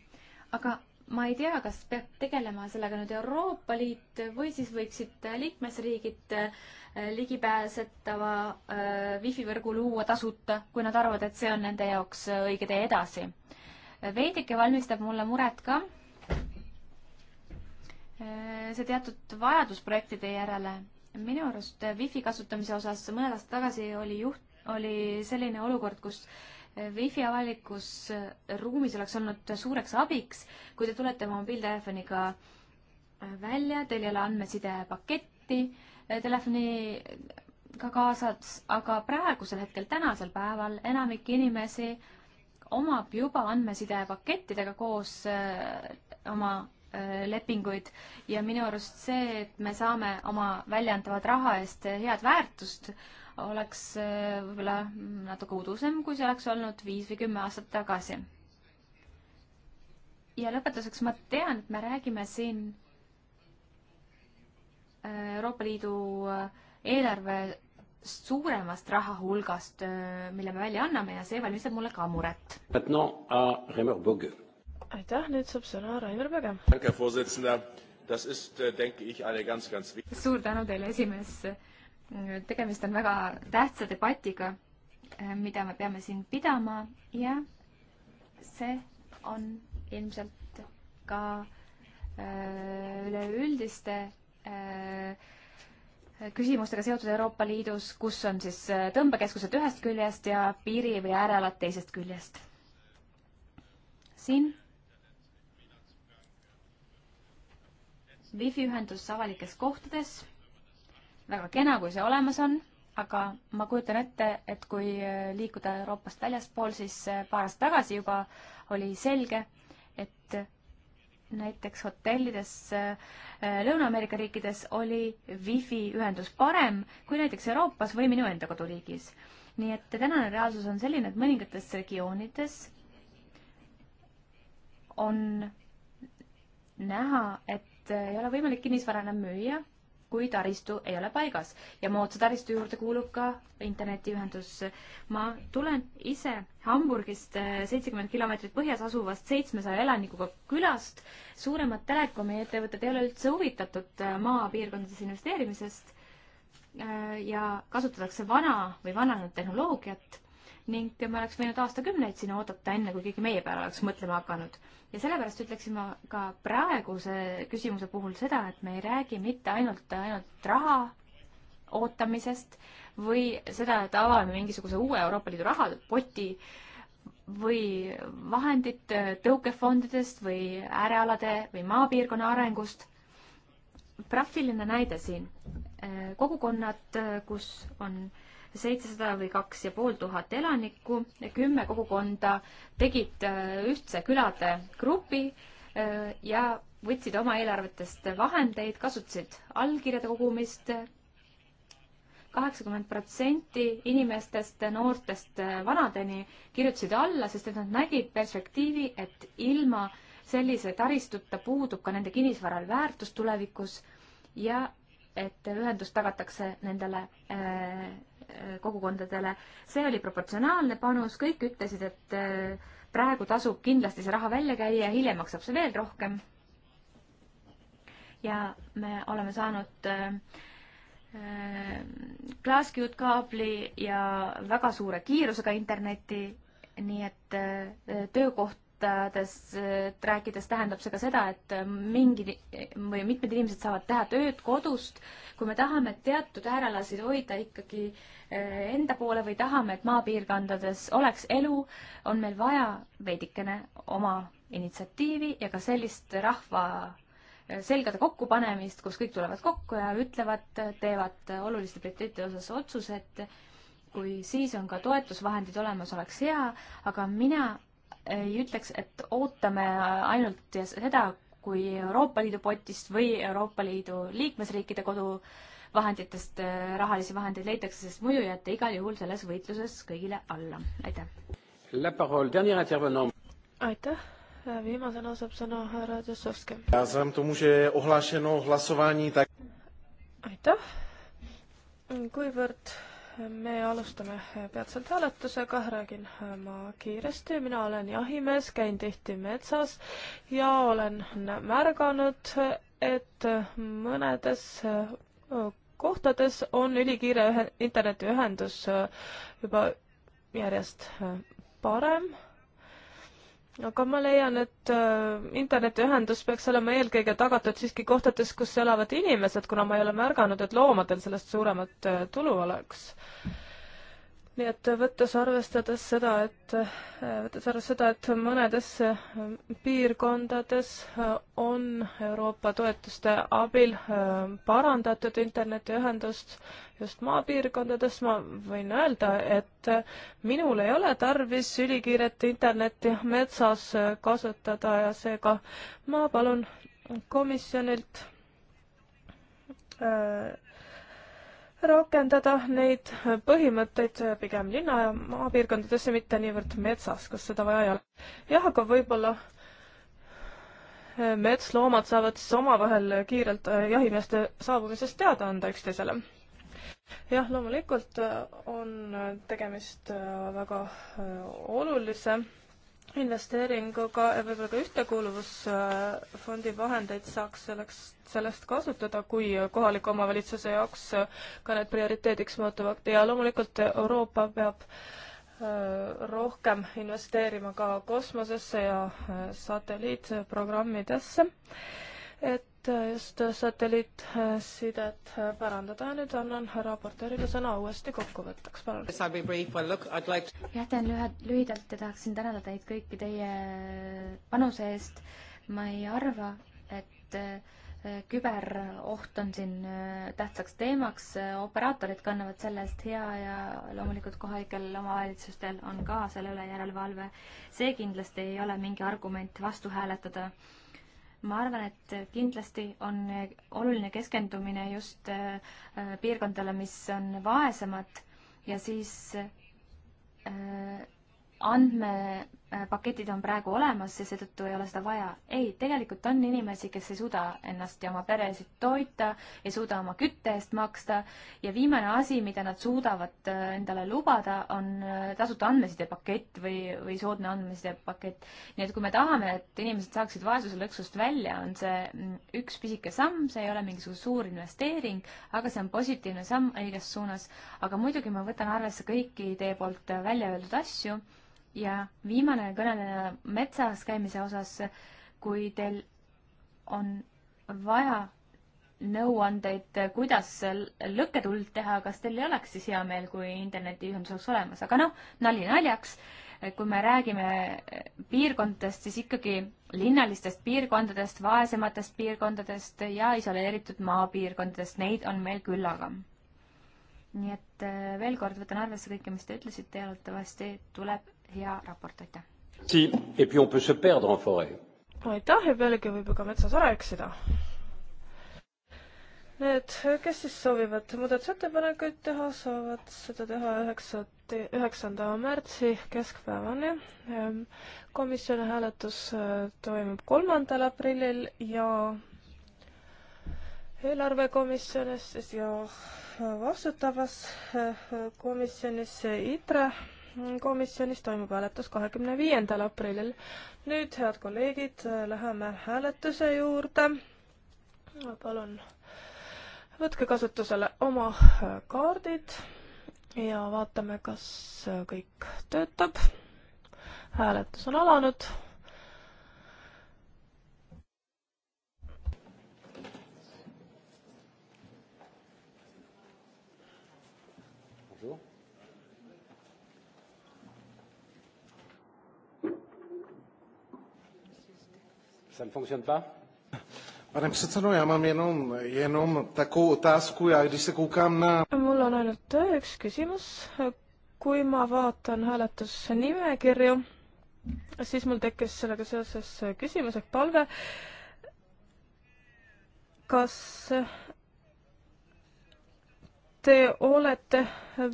aga ma ei tea, kas peab tegelema sellega nüüd Euroopa Liit või siis võiksid liikmesriigid äh, ligipääsetava äh, wifi võrgu luua tasuta, kui nad arvavad, et see on nende jaoks äh, õige tee edasi. veidike valmistab mulle muret ka see teatud vajadus projektide järele. minu arust wifi kasutamise osas mõned aastad tagasi oli juht, oli selline olukord, kus Wi-Fi avalikus ruumis oleks olnud suureks abiks, kui te tulete oma mobiiltelefoniga äh, välja, teil ei ole andmesidepaketti äh, telefoniga kaasas, aga praegusel hetkel, tänasel päeval enamik inimesi omab juba andmesidepakettidega koos äh, oma lepinguid ja minu arust see, et me saame oma väljaantavad raha eest head väärtust, oleks äh, võib-olla natuke udusem, kui see oleks olnud viis või kümme aastat tagasi. ja lõpetuseks ma tean, et me räägime siin äh, Euroopa Liidu äh, eelarve suuremast rahahulgast, mille me välja anname ja see valmistab mulle ka muret. aitäh, nüüd saab sõna Rainer Pöge. suur tänu teile, esimees tegemist on väga tähtsa debatiga, eh, mida me peame siin pidama ja see on ilmselt ka eh, üleüldiste eh, küsimustega seotud Euroopa Liidus, kus on siis tõmbekeskused ühest küljest ja piiri või äärealad teisest küljest. siin wifi ühendus avalikes kohtades väga kena, kui see olemas on, aga ma kujutan ette, et kui äh, liikuda Euroopast väljaspool, siis äh, paar aastat tagasi juba oli selge, et näiteks hotellides äh, Lõuna-Ameerika riikides oli wifi ühendus parem kui näiteks Euroopas või minu enda koduriigis. nii et tänane reaalsus on selline, et mõningates regioonides on näha, et ei ole võimalik kinnisvara enam müüa kui taristu ei ole paigas. ja moodsa taristu juurde kuulub ka internetiühendus. ma tulen ise Hamburgist eh, seitsekümmend kilomeetrit põhjas asuvast seitsmesaja elanikuga külast. suuremad telekomiettevõtted ei ole üldse huvitatud eh, maapiirkondades investeerimisest eh, ja kasutatakse vana või vananenud tehnoloogiat ning me oleks võinud aastakümneid siin oodata, enne kui keegi meie peale oleks mõtlema hakanud. ja sellepärast ütleksin ma ka praeguse küsimuse puhul seda, et me ei räägi mitte ainult, ainult raha ootamisest või seda, et avame mingisuguse uue Euroopa Liidu rahapoti või vahendid tõukefondidest või äärealade või maapiirkonna arengust. praktiline näide siin. kogukonnad, kus on äh, seitsesada või kaks ja pool tuhat elanikku, kümme kogukonda tegid äh, ühtse külade grupi äh, ja võtsid oma eelarvetest vahendeid, kasutasid allkirjade kogumist, kaheksakümmend protsenti inimestest, noortest äh, vanadeni kirjutasid alla, sest et nad nägid perspektiivi, et ilma sellise taristuta puudub ka nende kinnisvaral väärtus tulevikus ja et ühendus tagatakse nendele äh, kogukondadele. see oli proportsionaalne panus, kõik ütlesid, et äh, praegu tasub kindlasti see raha välja käia, hiljem maksab see veel rohkem. ja me oleme saanud äh, klaaskiudkaabli ja väga suure kiirusega internetti, nii et töökoht töötajatest rääkides tähendab see ka seda, et mingid või mitmed inimesed saavad teha tööd kodust. kui me tahame teatud äärelasid hoida ikkagi eh, enda poole või tahame, et maapiirkondades oleks elu, on meil vaja veidikene oma initsiatiivi ja ka sellist rahva eh, selgade kokkupanemist, kus kõik tulevad kokku ja ütlevad, teevad oluliste prioriteetide osas otsused kui siis on ka toetusvahendid olemas, oleks hea, aga mina ei ütleks, et ootame ainult seda, kui Euroopa Liidu potist või Euroopa Liidu liikmesriikide koduvahenditest äh, rahalisi vahendeid leitakse, sest muidu jääte igal juhul selles võitluses kõigile alla. aitäh! aitäh! Viimasena saab sõna härra Tšesovski. aitäh! kuivõrd me alustame peatselt hääletusega, räägin ma kiiresti, mina olen jahimees, käin tihti metsas ja olen märganud, et mõnedes kohtades on ülikiire ühe, internetiühendus juba järjest parem aga ma leian, et äh, internetiühendus peaks olema eelkõige tagatud siiski kohtades, kus elavad inimesed, kuna ma ei ole märganud, et loomadel sellest suuremat äh, tulu oleks nii et võttes arvestades seda, et, võttes arvesse seda, et mõnedes mm, piirkondades äh, on Euroopa toetuste abil äh, parandatud internetiühendust just maapiirkondades, ma võin öelda, et äh, minul ei ole tarvis ülikiiret internetti metsas kasutada ja seega ma palun komisjonilt rakendada neid põhimõtteid pigem linna ja maapiirkondadesse, mitte niivõrd metsas, kus seda vaja ei ole. jah, aga võib-olla eh, metsloomad saavad siis omavahel kiirelt eh, jahimeeste saabumisest teada anda üksteisele. jah, loomulikult eh, on tegemist väga olulise investeeringuga ja võib-olla ka ühtekuuluvusfondi vahendeid saaks selleks, sellest kasutada, kui kohaliku omavalitsuse jaoks ka need prioriteediks muutuvad ja loomulikult Euroopa peab äh, rohkem investeerima ka kosmosesse ja äh, satelliitprogrammidesse et äh, just äh, satelliitsidet äh, parandada ja nüüd annan raportöörile sõna uuesti kokkuvõtteks, palun. jah, teen lühed, lühidalt ja tahaksin tänada teid kõiki teie panuse eest. ma ei arva, et küberoht on siin tähtsaks teemaks, operaatorid kannavad selle eest hea ja loomulikult kohalikel omavalitsustel on ka selle üle järelevalve. see kindlasti ei ole mingi argument vastu hääletada ma arvan, et kindlasti on oluline keskendumine just äh, piirkondadele, mis on vaesemad ja siis äh, andme Äh, paketid on praegu olemas ja seetõttu ei ole seda vaja. ei, tegelikult on inimesi, kes ei suuda ennast ja oma peresid toita, ei suuda oma kütte eest maksta ja viimane asi, mida nad suudavad äh, endale lubada, on äh, tasuta andmesidepakett või, või soodne andmesidepakett. nii et kui me tahame, et inimesed saaksid vaesuslõksust välja, on see mm, üks pisike samm, see ei ole mingisugune suur investeering, aga see on positiivne samm õiges suunas. aga muidugi ma võtan arvesse kõiki teie poolt välja öeldud asju ja viimane kõneleja metsas käimise osas, kui teil on vaja nõuandeid, kuidas lõkketuld teha, kas teil ei oleks siis hea meel, kui internetiühendus oleks olemas, aga noh, nali naljaks, kui me räägime piirkondadest, siis ikkagi linnalistest piirkondadest, vaesematest piirkondadest ja isoleeritud maapiirkondadest, neid on meil küllaga. nii et eh, veel kord võtan arvesse kõike, mis te ütlesite ja loodetavasti tuleb hea raport, aitäh! aitäh ja pealegi võib ju ka metsas ära eksida. Need, kes siis soovivad muudatusettepanekuid teha, saavad seda teha üheksat, üheksanda märtsi keskpäevani. Ehm, komisjoni hääletus äh, toimub kolmandal aprillil ja eelarvekomisjonis ja vastutavas äh, komisjonis ITRE komisjonis toimub hääletus kahekümne viiendal aprillil. nüüd, head kolleegid, läheme hääletuse juurde. palun võtke kasutusele oma kaardid ja vaatame, kas kõik töötab. hääletus on alanud Ça ne fonctionne pas Pane předsedo, já mám jenom, jenom takovou otázku, já když se koukám na... Mul on ainult üks küsimus. Kui ma vaatan hääletusnimekirju, siis mul tekkis sellega seoses küsimus ehk palve. Kas te olete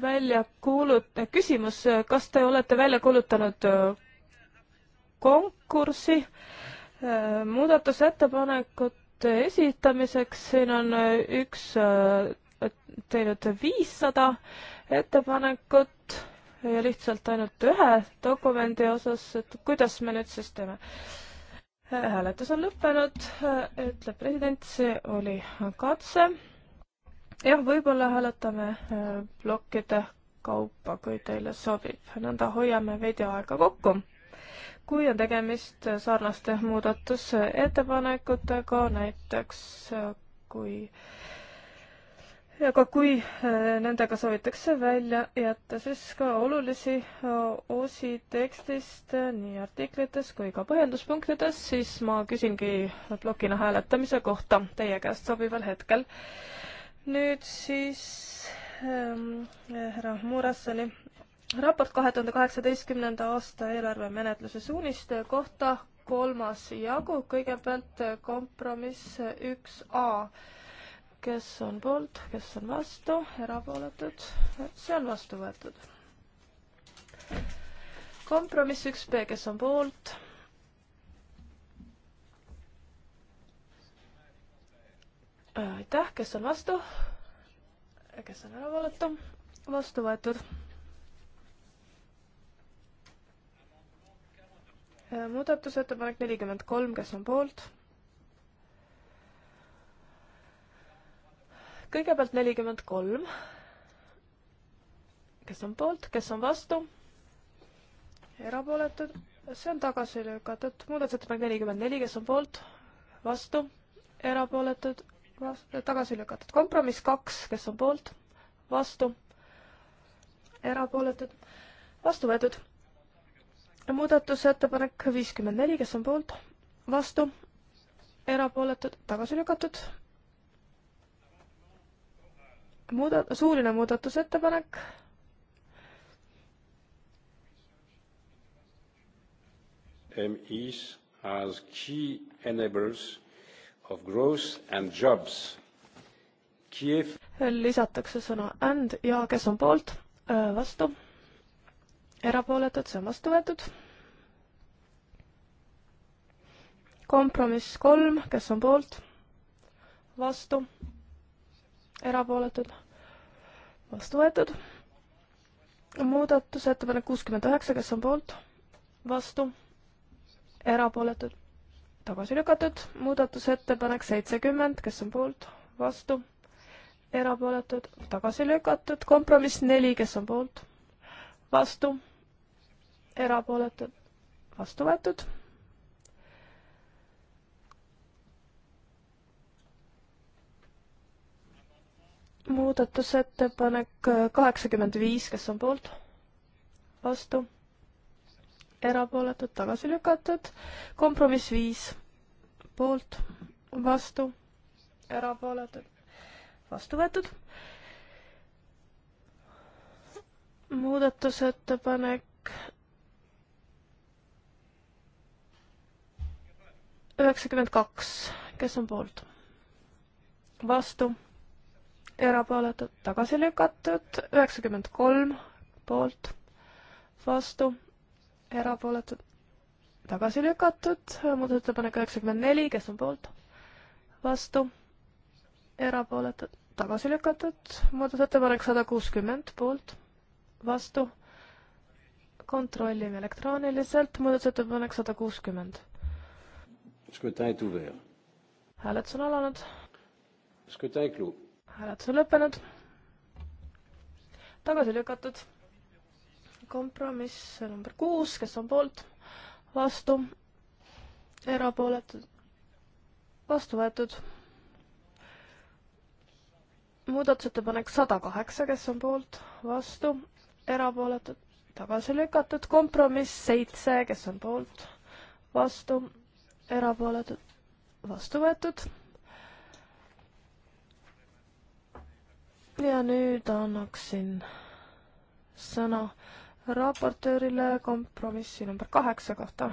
välja kuulut-, eh, küsimus, kas te olete välja kuulutanud konkursi äh, muudatusettepanekute esitamiseks, siin on üks äh, teinud viissada ettepanekut ja lihtsalt ainult ühe dokumendi osas, et kuidas me nüüd siis teeme. hääletus on lõppenud, ütleb president, see oli katse. jah, võib-olla hääletame äh, plokkide kaupa, kui teile sobib, nõnda hoiame veidi aega kokku kui on tegemist sarnaste muudatusettepanekutega, näiteks äh, kui aga kui äh, nendega soovitakse välja jätta, siis ka olulisi äh, osi tekstist nii artiklites kui ka põhjenduspunktides, siis ma küsingi plokina hääletamise kohta teie käest sobival hetkel. nüüd siis ähm, härra ähm, Murassoni raport kahe tuhande kaheksateistkümnenda aasta eelarve menetluse suuniste kohta, kolmas jagu, kõigepealt kompromiss üks A. kes on poolt, kes on vastu, erapooletud, see on vastu võetud. kompromiss üks B, kes on poolt äh, aitäh, kes on vastu, kes on erapooletu, vastu võetud Äh, muudatusettepanek nelikümmend kolm, kes on poolt? kõigepealt nelikümmend kolm. kes on poolt, kes on vastu? erapooletud, see on tagasi lükatud. muudatusettepanek nelikümmend neli, kes on poolt, vastu, erapooletud, tagasi lükatud. kompromiss kaks, kes on poolt, vastu, erapooletud, vastu võetud muudatusettepanek viiskümmend neli, kes on poolt, vastu, erapooletud, tagasi lükatud. muuda-, suuline muudatusettepanek SMEs as key enablers of growth and jobs. Kiev lisatakse sõna and ja kes on poolt, äh, vastu erapooletud, see on vastu võetud. kompromiss kolm, kes on poolt, vastu, erapooletud, vastu võetud. muudatusettepanek kuuskümmend üheksa, kes on poolt, vastu, erapooletud, tagasi lükatud. muudatusettepanek seitsekümmend, kes on poolt, vastu, erapooletud, tagasi lükatud. kompromiss neli, kes on poolt, vastu erapooletud, vastu võetud. muudatusettepanek kaheksakümmend viis, kes on poolt, vastu, erapooletud, tagasi lükatud, kompromiss viis, poolt, vastu, erapooletud, vastu võetud muudatusettepanek üheksakümmend kaks, kes on poolt? vastu, erapooletud, tagasi lükatud, üheksakümmend kolm poolt, vastu, erapooletud, tagasi lükatud, muudatusettepanek üheksakümmend neli, kes on poolt? vastu, erapooletud, tagasi lükatud, muudatusettepanek sada kuuskümmend poolt, vastu, kontrollime elektrooniliselt, muudatusettepanek sada kuuskümmend hääletus on alanud. hääletus on lõppenud. tagasi lükatud. kompromiss number kuus, kes on poolt, vastu, erapooletud, vastu võetud. muudatusettepanek sada kaheksa, kes on poolt, vastu, erapooletud, tagasi lükatud, kompromiss seitse, kes on poolt, vastu erapooletud, vastu võetud. ja nüüd annaksin sõna raportöörile kompromissi number kaheksa kohta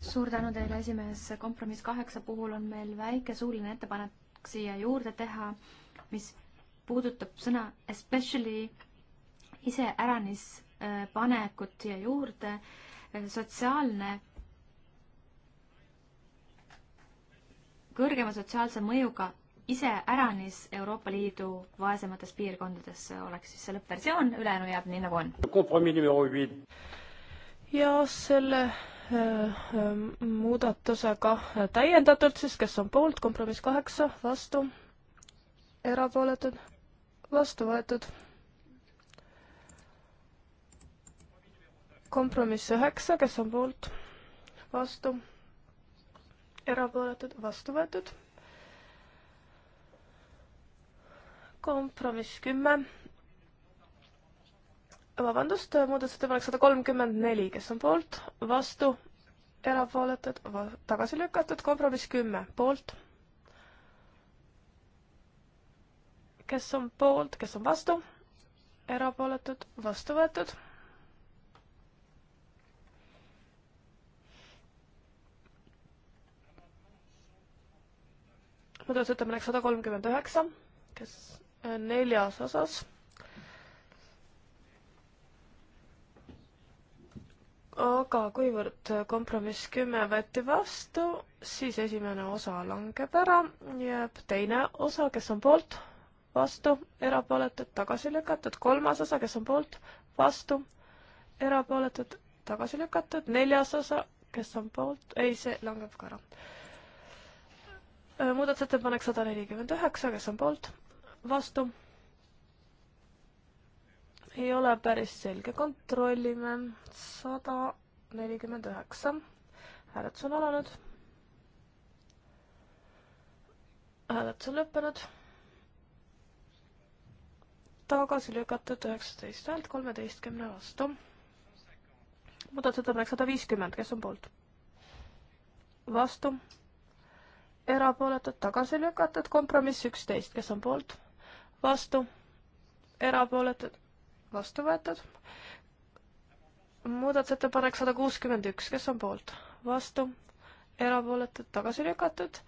suur tänu teile, esimees. kompromiss kaheksa puhul on meil väike suuline ettepanek siia juurde teha, mis puudutab sõna especially iseäranis äh, panekut siia juurde. Äh, sotsiaalne kõrgema sotsiaalse mõjuga iseäranis Euroopa Liidu vaesemates piirkondades oleks siis see lõppversioon, ülejäänu jääb nii, nagu on. ja selle äh, äh, muudatusega täiendatult siis, kes on poolt, kompromiss kaheksa, vastu, erapooletud, vastu võetud. kompromiss üheksa, kes on poolt, vastu erapooletud, vastu võetud. kompromiss kümme. vabandust, muudatusettepanek sada kolmkümmend neli, kes on poolt, vastu, erapooletud, tagasi lükatud, kompromiss kümme, poolt. kes on poolt, kes on vastu, erapooletud, vastu võetud muudatusettepanek sada kolmkümmend üheksa, kes äh, neljas osas. aga kuivõrd kompromiss kümme võeti vastu, siis esimene osa langeb ära, jääb teine osa, kes on poolt, vastu, erapooletud, tagasi lükatud, kolmas osa, kes on poolt, vastu, erapooletud, tagasi lükatud, neljas osa, kes on poolt, ei, see langeb ka ära Äh, muudatusettepanek sada nelikümmend üheksa, kes on poolt, vastu? ei ole päris selge, kontrollime. sada nelikümmend üheksa, hääletus on alanud. hääletus on lõppenud. tagasi lükatud üheksateist häält kolmeteistkümne vastu. muudatusettepanek sada viiskümmend, kes on poolt? vastu erapooletud, tagasi lükatud, kompromiss üksteist, kes on poolt, vastu, erapooletud, vastu võetud. muudatusettepanek sada kuuskümmend üks, kes on poolt, vastu, erapooletud, tagasi lükatud.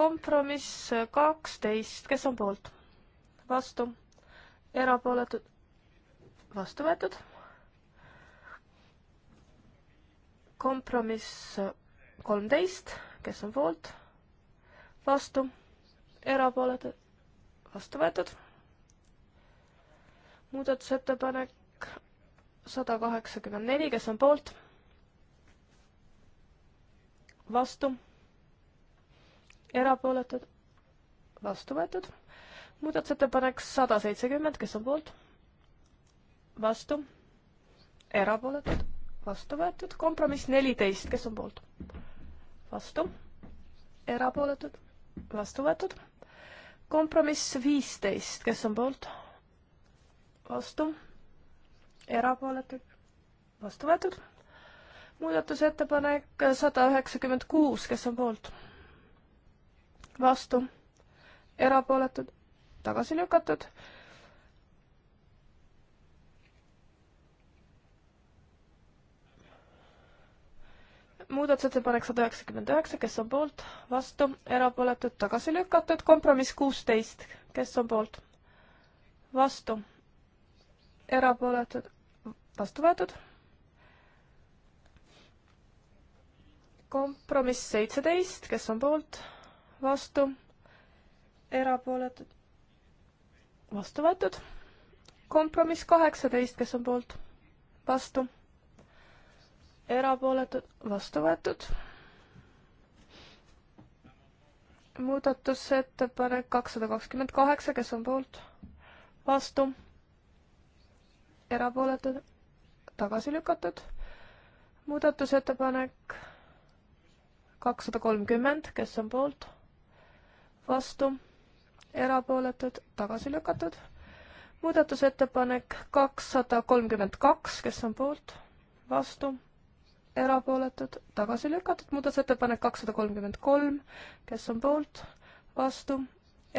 kompromiss kaksteist, kes on poolt, vastu, erapooletud, vastu võetud. kompromiss kolmteist, kes on poolt vastu, erapooletud, vastu võetud. muudatusettepanek sada kaheksakümmend neli, kes on poolt, vastu, erapooletud, vastu võetud. muudatusettepanek sada seitsekümmend, kes on poolt, vastu, erapooletud, vastu võetud. kompromiss neliteist, kes on poolt, vastu erapooletud, vastu võetud. kompromiss viisteist, kes on poolt? vastu. erapooletud? vastu võetud. muudatusettepanek sada üheksakümmend kuus, kes on poolt? vastu. erapooletud? tagasi lükatud muudatusettepanek sada üheksakümmend üheksa, kes on poolt, vastu, erapooletud, tagasi lükatud, kompromiss kuusteist, kes on poolt, vastu, erapooletud, vastu võetud. kompromiss seitseteist, kes on poolt, vastu, erapooletud, vastu võetud. kompromiss kaheksateist, kes on poolt, vastu erapooletud, vastu võetud. muudatusettepanek kakssada kakskümmend kaheksa, kes on poolt, vastu, erapooletud, tagasi lükatud. muudatusettepanek kakssada kolmkümmend, kes on poolt, vastu, erapooletud, tagasi lükatud. muudatusettepanek kakssada kolmkümmend kaks, kes on poolt, vastu erapooletud, tagasi lükatud, muudatusettepanek kakssada kolmkümmend kolm, kes on poolt, vastu,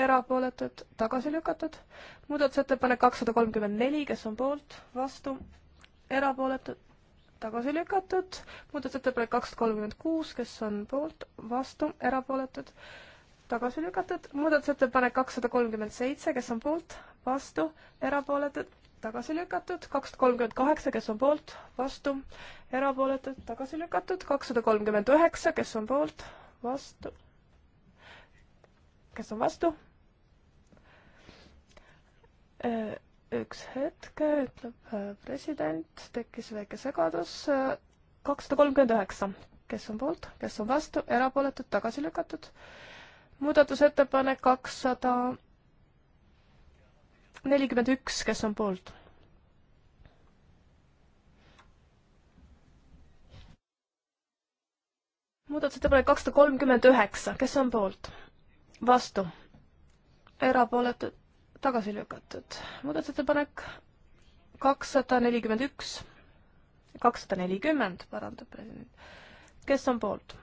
erapooletud, tagasi lükatud, muudatusettepanek kakssada kolmkümmend neli, kes on poolt, vastu, erapooletud, tagasi lükatud, muudatusettepanek kakssada kolmkümmend kuus, kes on poolt, vastu, erapooletud, tagasi lükatud, muudatusettepanek kakssada kolmkümmend seitse, kes on poolt, vastu, erapooletud, tagasi lükatud, kakssada kolmkümmend kaheksa, kes on poolt, vastu, erapooletud, tagasi lükatud, kakssada kolmkümmend üheksa, kes on poolt, vastu, kes on vastu? Äh, üks hetk, ütleb äh, president, tekkis väike segadus, äh, kakssada kolmkümmend üheksa, kes on poolt, kes on vastu, erapooletud, tagasi lükatud, muudatusettepanek kakssada 200 nelikümmend üks, kes on poolt? muudatusettepanek kakssada kolmkümmend üheksa, kes on poolt? vastu? erapooletud? tagasi lükatud. muudatusettepanek kakssada nelikümmend üks, kakssada nelikümmend, parandab president. kes on poolt?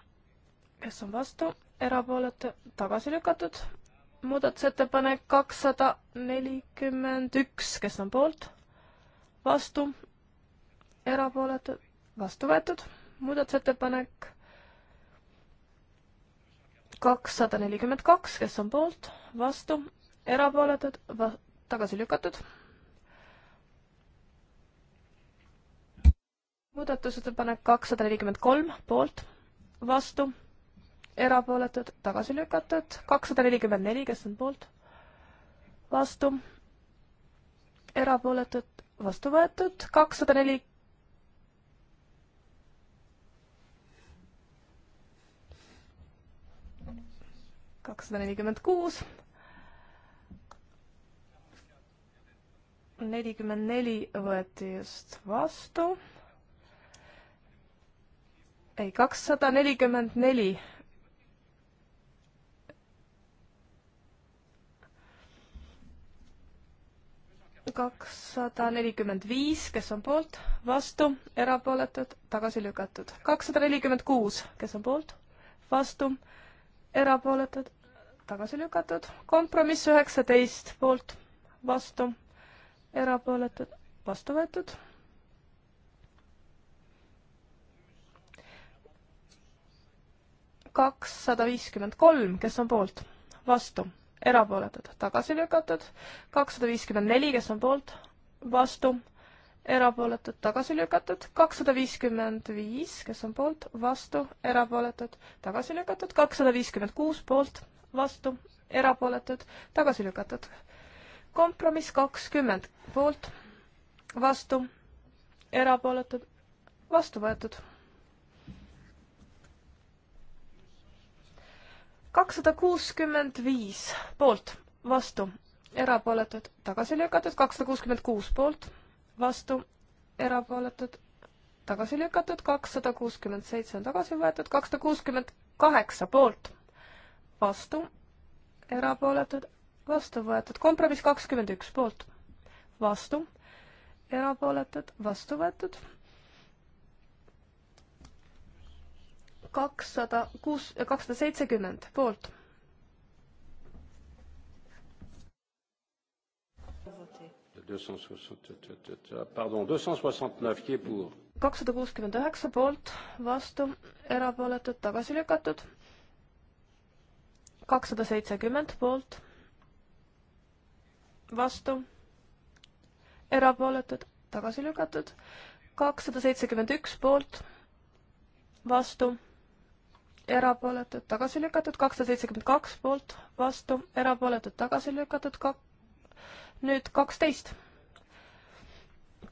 kes on vastu? erapooletu? tagasi lükatud muudatusettepanek kakssada nelikümmend üks, kes on poolt, vastu, erapooletud, vastu võetud, muudatusettepanek kakssada nelikümmend kaks, kes on poolt, vastu, erapooletud, tagasi lükatud. muudatusettepanek kakssada nelikümmend kolm, poolt, vastu erapooletud, tagasi lükatud, kakssada nelikümmend neli, kes on poolt, vastu, erapooletud, vastu võetud, kakssada neli, kakssada nelikümmend kuus, nelikümmend neli võeti just vastu, ei, kakssada nelikümmend neli kakssada nelikümmend viis, kes on poolt, vastu, erapooletud, tagasi lükatud. kakssada nelikümmend kuus, kes on poolt, vastu, erapooletud, tagasi lükatud. kompromiss üheksateist, poolt, vastu, erapooletud, vastu võetud. kakssada viiskümmend kolm, kes on poolt, vastu erapooletud, tagasi lükatud, kakssada viiskümmend neli, kes on poolt, vastu, erapooletud, tagasi lükatud, kakssada viiskümmend viis, kes on poolt, vastu, erapooletud, tagasi lükatud, kakssada viiskümmend kuus poolt, vastu, erapooletud, tagasi lükatud. kompromiss kakskümmend poolt, vastu, erapooletud, vastu võetud kakssada kuuskümmend viis poolt, vastu, erapooletud, tagasi lükatud, kakssada kuuskümmend kuus poolt, vastu, erapooletud, tagasi lükatud, kakssada kuuskümmend seitse on tagasi võetud, kakssada kuuskümmend kaheksa poolt, vastu, erapooletud, vastu võetud, kompromiss kakskümmend üks poolt, vastu, erapooletud, vastu võetud kakssada kuus, kakssada seitsekümmend poolt. kakssada kuuskümmend üheksa poolt, vastu, erapooletud, tagasi lükatud. kakssada seitsekümmend poolt, vastu, erapooletud, tagasi lükatud. kakssada seitsekümmend üks poolt vastu, erapooletud, tagasi lükatud, kakssada seitsekümmend kaks poolt, vastu, erapooletud, tagasi lükatud, kak-, nüüd kaksteist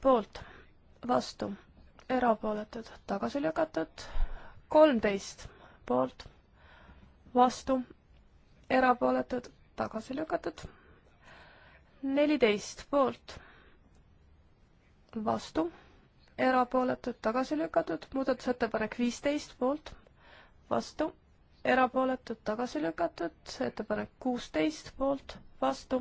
poolt, vastu, erapooletud, tagasi lükatud, kolmteist poolt, vastu, erapooletud, tagasi lükatud, neliteist poolt, vastu, erapooletud, tagasi lükatud, muudatusettepanek viisteist poolt vastu, erapooletud, tagasi lükatud, ettepanek kuusteist poolt, vastu,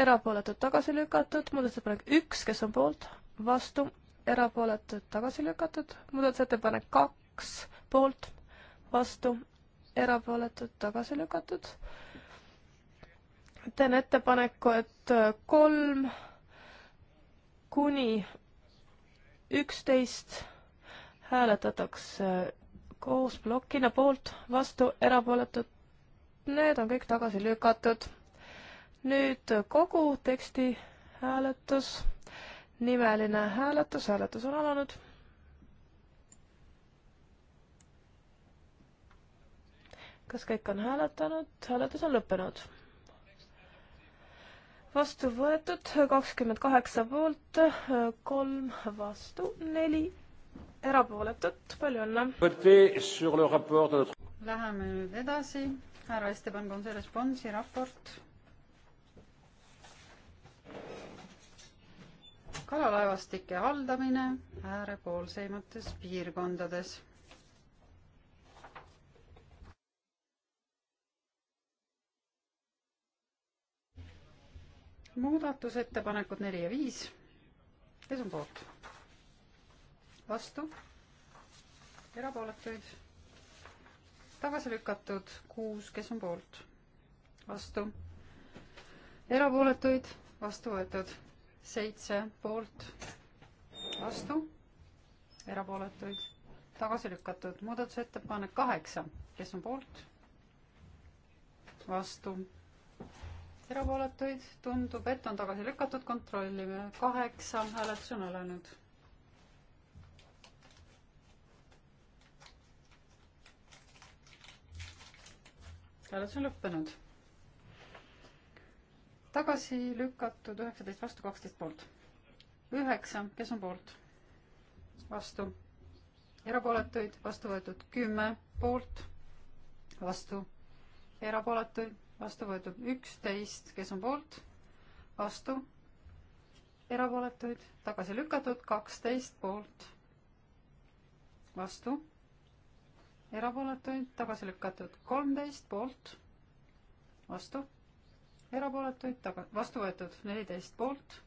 erapooletud, tagasi lükatud, muudatusettepanek üks, kes on poolt, vastu, erapooletud, tagasi lükatud, muudatusettepanek kaks poolt, vastu, erapooletud, tagasi lükatud. teen ettepaneku, et kolm kuni üksteist hääletatakse koos plokina poolt, vastu, erapooletud. Need on kõik tagasi lükatud. nüüd kogu teksti hääletus, nimeline hääletus, hääletus on alanud. kas kõik on hääletanud? hääletus on lõppenud vastu võetud, kakskümmend kaheksa poolt, kolm vastu, neli erapooletut, palju õnne. Läheme nüüd edasi, härra Esteban Gonzalez Ponsi raport. kalalaevastike haldamine äärepoolseimates piirkondades muudatusettepanekud neli ja viis, kes on poolt? vastu, erapooletuid, tagasi lükatud kuus, kes on poolt, vastu, erapooletuid, vastu võetud seitse poolt, vastu, erapooletuid, tagasi lükatud muudatusettepanek kaheksa, kes on poolt, vastu erapooletuid tundub, et on tagasi lükatud, kontrollime. kaheksa hääletus on alanud. hääletus on lõppenud. tagasi lükatud üheksateist vastu kaksteist poolt. üheksa, kes on poolt? vastu. erapooletuid, vastu võetud kümme poolt, vastu. erapooletuid, vastu võetud üksteist, kes on poolt? vastu. erapooletuid, tagasi lükatud kaksteist poolt, vastu erapooletuid, tagasi lükatud kolmteist poolt, vastu, erapooletuid, taga, vastu võetud neliteist poolt,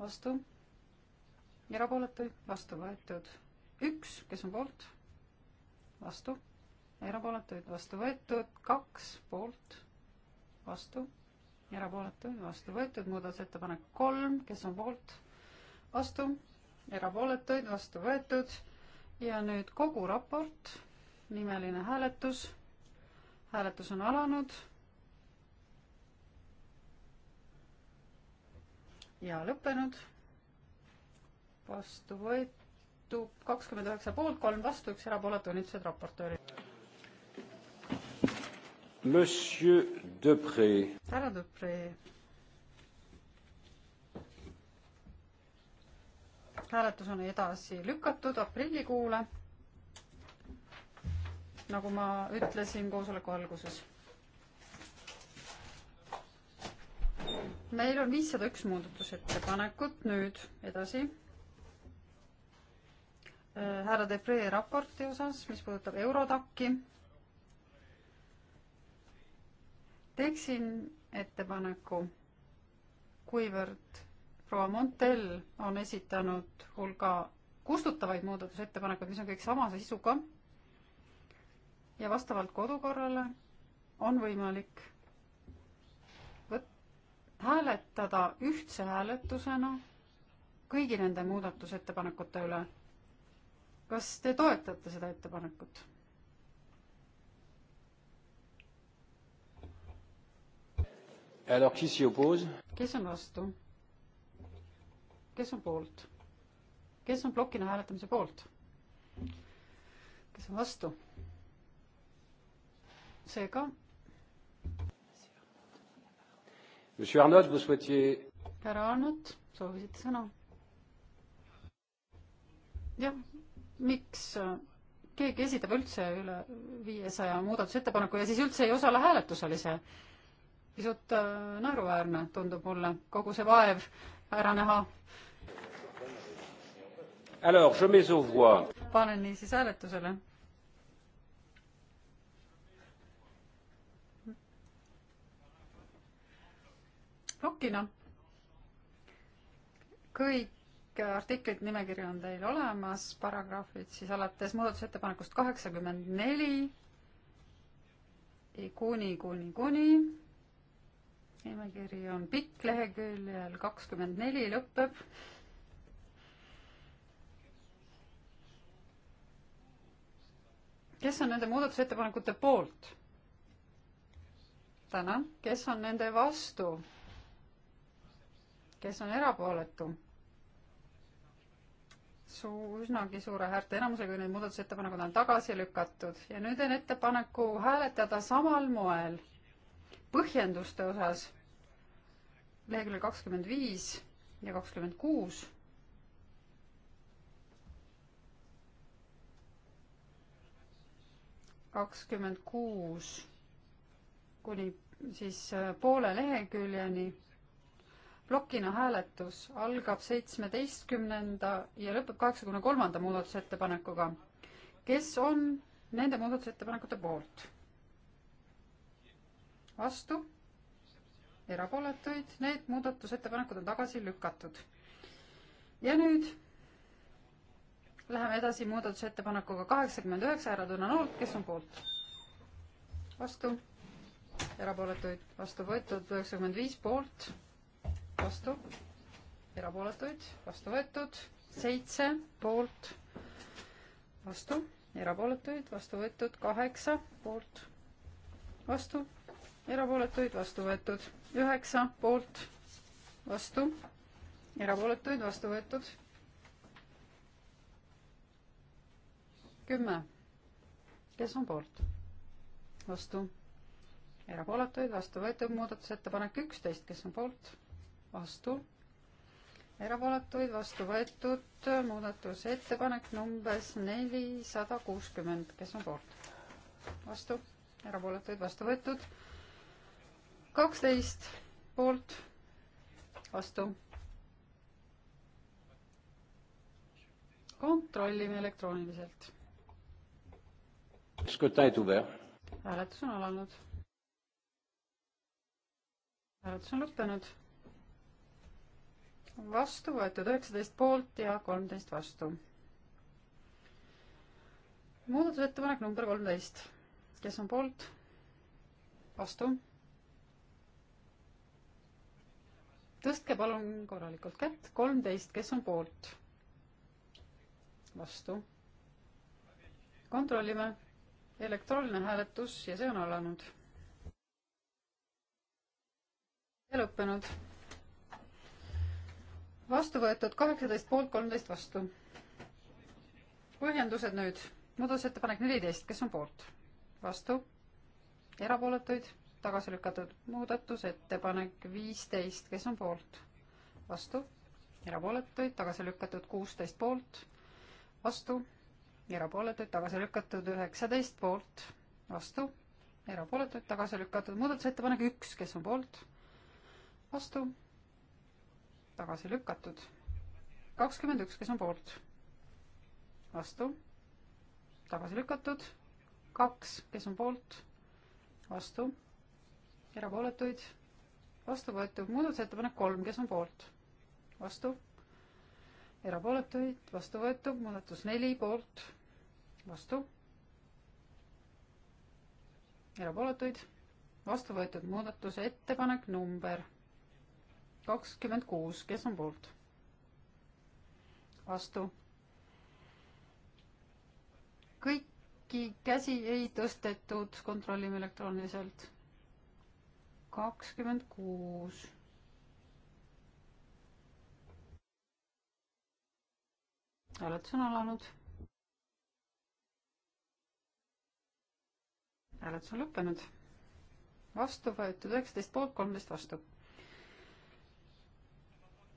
vastu, erapooletuid, vastu võetud üks, kes on poolt, vastu, erapooletuid, vastu võetud kaks poolt, vastu, erapooletuid, vastu võetud, muudatusettepanek kolm, kes on poolt, vastu, erapooletuid, vastu võetud ja nüüd kogu raport, nimeline hääletus. hääletus on alanud. ja lõppenud. vastu võetud kakskümmend üheksa poolt, kolm vastu, üks erapooletu, õnnitlused raportöörile. Monsieur Depree. härra Depree hääletus on edasi lükatud aprillikuule, nagu ma ütlesin koosoleku alguses. meil on viissada üks muudatusettepanekut nüüd edasi äh, härra Depree raporti osas, mis puudutab Eurodaki. teeksin ettepaneku, kuivõrd proua Montel on esitanud hulga kustutavaid muudatusettepanekuid, mis on kõik samase sisuga. ja vastavalt kodukorrale on võimalik võt-, hääletada ühtse hääletusena kõigi nende muudatusettepanekute üle. kas te toetate seda ettepanekut? kes on vastu? kes on poolt? kes on plokina hääletamise poolt? kes on vastu? seega. härra Arnold, soovisite sõna? jah, miks äh, keegi esitab üldse üle viiesaja muudatusettepaneku ja siis üldse ei osale hääletusel ise? pisut äh, naeruväärne tundub mulle kogu see vaev ära näha panen niisiis hääletusele. plokina. Noh. kõik artiklid, nimekiri on teil olemas, paragrahvid siis alates muudatusettepanekust kaheksakümmend neli kuni, kuni, kuni. nimekiri on pikk, leheküljel kakskümmend neli lõpeb kes on nende muudatusettepanekute poolt? tänan, kes on nende vastu? kes on erapooletu? su-, üsnagi suure häälteenamusega need muudatusettepanekud on tagasi lükatud ja nüüd teen ettepaneku hääletada samal moel põhjenduste osas leheküljel kakskümmend viis ja kakskümmend kuus kakskümmend kuus kuni siis äh, poole leheküljeni. plokina hääletus algab seitsmeteistkümnenda ja lõpeb kaheksakümne kolmanda muudatusettepanekuga. kes on nende muudatusettepanekute poolt? vastu? erapooletuid, need muudatusettepanekud on tagasi lükatud. ja nüüd Läheme edasi muudatusettepanekuga kaheksakümmend üheksa, härra Dunanolt, kes on poolt? vastu, erapooletuid vastu võetud, üheksakümmend viis poolt, vastu, erapooletuid vastu võetud, seitse poolt, vastu, erapooletuid vastu võetud, kaheksa poolt, vastu, erapooletuid vastu võetud, üheksa poolt, vastu, erapooletuid vastu võetud kümme, kes on poolt? vastu, erapooletuid, vastu võetud, muudatusettepanek üksteist, kes on poolt? vastu, erapooletuid, vastu võetud, muudatusettepanek numbers nelisada kuuskümmend, kes on poolt? vastu, erapooletuid, vastu võetud, kaksteist poolt, vastu kontrollime elektrooniliselt hääletus on alanud. hääletus on lõppenud. vastu võetud üheksateist poolt ja kolmteist vastu. muudatusettepanek number kolmteist, kes on poolt? vastu? tõstke palun korralikult kätt, kolmteist, kes on poolt? vastu? kontrollime elektrooniline hääletus ja see on alanud. ja lõppenud. vastu võetud kaheksateist poolt, kolmteist vastu. põhjendused nüüd. muudatusettepanek neliteist, kes on poolt? vastu? erapooletuid? tagasi lükatud muudatusettepanek viisteist, kes on poolt? vastu? erapooletuid, tagasi lükatud kuusteist poolt, vastu erapooletuid tagasi lükatud üheksateist poolt, vastu, erapooletuid tagasi lükatud, muudatusettepanek üks, kes on poolt, vastu, tagasi lükatud, kakskümmend üks, kes on poolt, vastu, tagasi lükatud, kaks, kes on poolt, vastu, erapooletuid, vastu võetud, muudatusettepanek kolm, kes on poolt, vastu erapooletuid, vastu võetud, muudatus neli poolt, vastu, erapooletuid, vastu võetud muudatusettepanek number kakskümmend kuus, kes on poolt? vastu. kõiki käsi ei tõstetud, kontrollime elektrooniliselt. kakskümmend kuus hääletus on alanud. hääletus on lõppenud. vastu võetud üheksateist poolt, kolmteist vastu.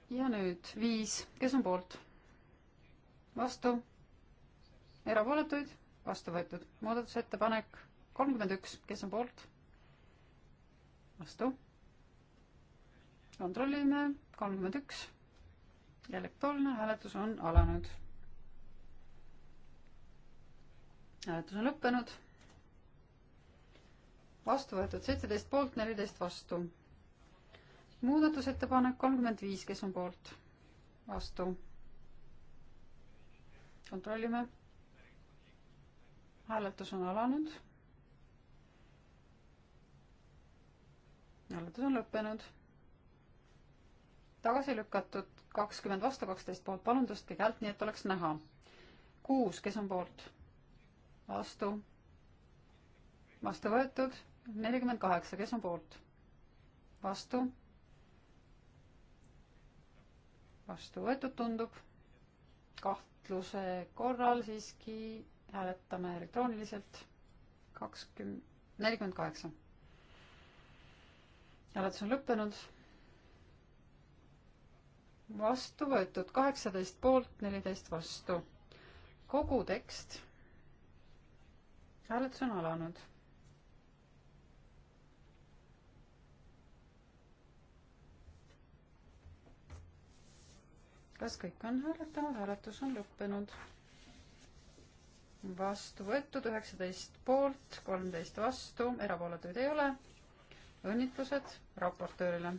ja nüüd viis, kes on poolt? vastu, erapooletuid, vastu võetud. muudatusettepanek kolmkümmend üks, kes on poolt? vastu. kontrollime, kolmkümmend üks. elektrooniline hääletus on alanud hääletus on lõppenud. vastu võetud seitseteist poolt, neliteist vastu. muudatusettepanek kolmkümmend viis, kes on poolt? vastu. kontrollime. hääletus on alanud. hääletus on lõppenud. tagasi lükatud kakskümmend vastu, kaksteist poolt, palun tõstke käelt, nii et oleks näha. kuus, kes on poolt? vastu, vastu võetud, nelikümmend kaheksa, kes on poolt? vastu, vastu võetud tundub, kahtluse korral siiski hääletame elektrooniliselt, kakskümmend, nelikümmend kaheksa. hääletus on lõppenud vastu võetud, kaheksateist poolt, neliteist vastu. kogu tekst hääletus on alanud. kas kõik on hääletanud, hääletus on lõppenud. vastu võetud üheksateist poolt, kolmteist vastu, erapooletuid ei ole. õnnitlused raportöörile.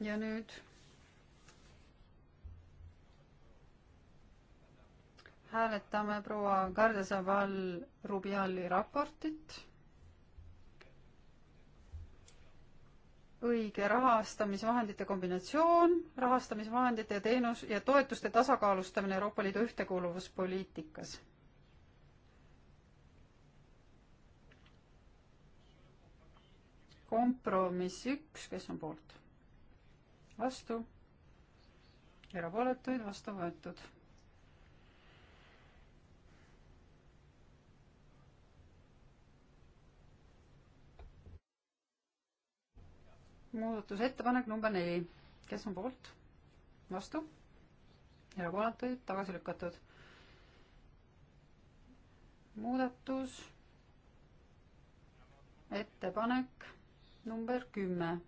ja nüüd hääletame proua Gardesaval Rubiali raportit. õige rahastamisvahendite kombinatsioon, rahastamisvahendite ja teenus- ja toetuste tasakaalustamine Euroopa Liidu ühtekuuluvuspoliitikas. kompromiss üks, kes on poolt? vastu? erapooletuid vastu võetud muudatusettepanek number neli, kes on poolt? vastu? erapooletuid tagasi lükatud. muudatus, ettepanek number kümme,